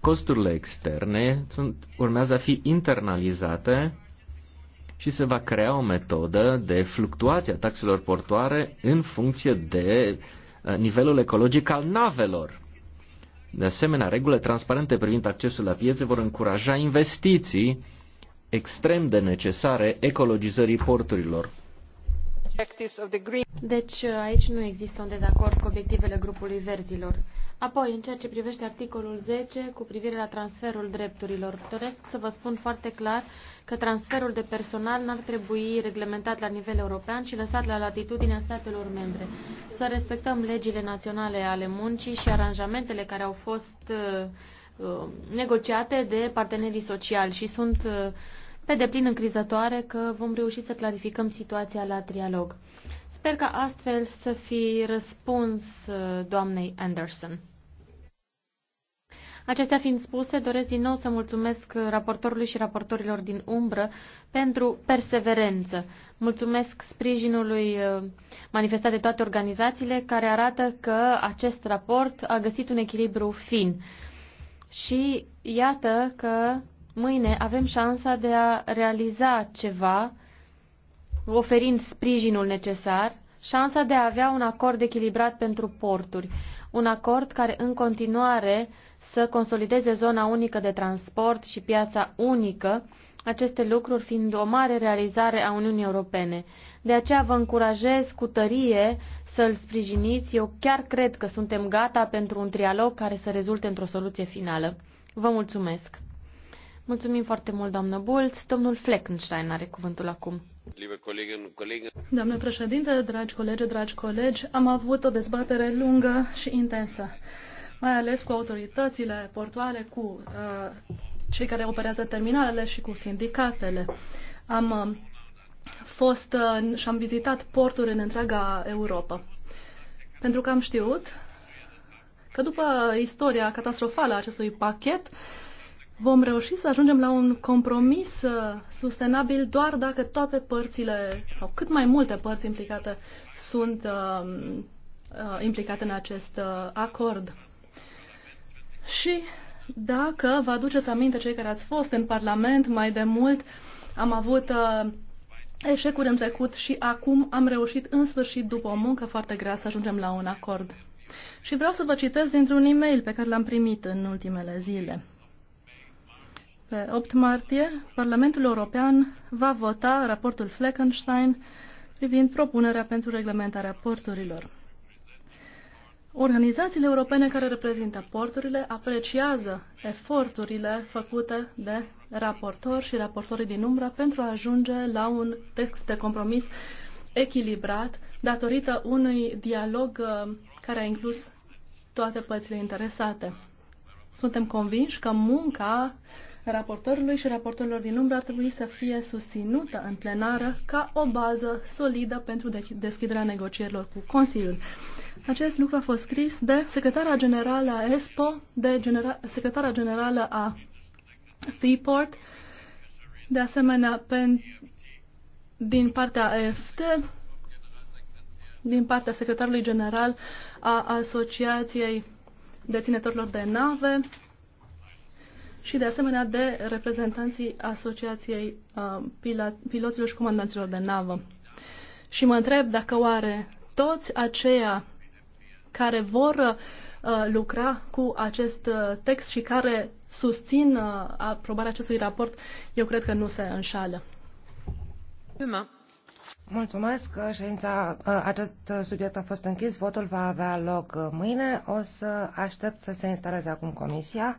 Costurile externe sunt, urmează a fi internalizate și se va crea o metodă de fluctuație a taxelor portoare în funcție de uh, nivelul ecologic al navelor. De asemenea, regulile transparente privind accesul la piețe vor încuraja investiții extrem de necesare ecologizării porturilor. Deci aici nu există un dezacord cu obiectivele grupului verzilor. Apoi, în ceea ce privește articolul 10 cu privire la transferul drepturilor, doresc să vă spun foarte clar că transferul de personal n-ar trebui reglementat la nivel european, ci lăsat la latitudinea statelor membre. Să respectăm legile naționale ale muncii și aranjamentele care au fost uh, uh negociate de partenerii sociali și sunt uh, pe deplin încrizătoare că vom reuși să clarificăm situația la trialog. Sper ca astfel să fi răspuns uh, doamnei Anderson. Acestea fiind spuse, doresc din nou să mulțumesc uh, raportorului și raportorilor din umbră pentru perseverență. Mulțumesc sprijinului uh, manifestat de toate organizațiile care arată că acest raport a găsit un echilibru fin. Și iată că mâine avem șansa de a realiza ceva, oferind sprijinul necesar, șansa de a avea un acord echilibrat pentru porturi, un acord care în continuare să consolideze zona unică de transport și piața unică, aceste lucruri fiind o mare realizare a Uniunii Europene. De aceea vă încurajez cu tărie să-l sprijiniți. Eu chiar cred că suntem gata pentru un trialog care să rezulte într-o soluție finală. Vă mulțumesc! Mulțumim foarte mult, doamnă Bulț. Domnul Fleckenstein are cuvântul acum. Doamnă președinte, dragi colegi, dragi colegi, am avut o dezbatere lungă și intensă, mai ales cu autoritățile portoare, cu uh, cei care operează terminalele și cu sindicatele. Am uh, fost uh, și am vizitat porturi în întreaga Europa. Pentru că am știut că după istoria catastrofală a acestui pachet, uh, vom reuși să ajungem la un compromis uh, sustenabil doar dacă toate părțile sau cât mai multe părți implicate sunt uh, uh, implicate în acest uh, acord. Și dacă vă aduceți aminte cei care ați fost în Parlament mai de mult, am avut uh, eșecuri în trecut și acum am reușit în sfârșit, după o muncă foarte grea, să ajungem la un acord. Și vreau să vă citesc dintr-un e-mail pe care l-am primit în ultimele zile. Pe 8 martie, Parlamentul European va vota raportul Fleckenstein privind propunerea pentru reglementarea porturilor. Organizațiile europene care reprezintă porturile apreciază eforturile făcute de raportori și raportorii din umbră pentru a ajunge la un text de compromis echilibrat datorită unui dialog uh, care a inclus toate părțile interesate. Suntem convinși că munca raportorului și raportorilor din umbră ar trebui să fie susținută în plenară ca o bază solidă pentru deschiderea negocierilor cu Consiliul. Acest lucru a fost scris de secretara generală a ESPO, de genera secretara generală a Freeport, de asemenea pen, din partea EFT, din partea secretarului general a Asociației Deținătorilor de Nave, și de asemenea de reprezentanții Asociației uh, Piloților și Comandanților de Navă. Și mă întreb dacă oare toți aceia care vor uh, lucra cu acest uh, text și care susțin aprobarea acestui raport, eu cred că nu se înșală. Mulțumesc. Ședința, acest subiect a fost închis. Votul va avea loc mâine. O să aștept să se instaleze acum comisia.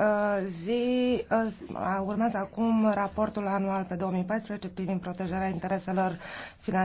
Uh, zi uh, urmează acum raportul anual pe 2014 privind protejarea intereselor financiare.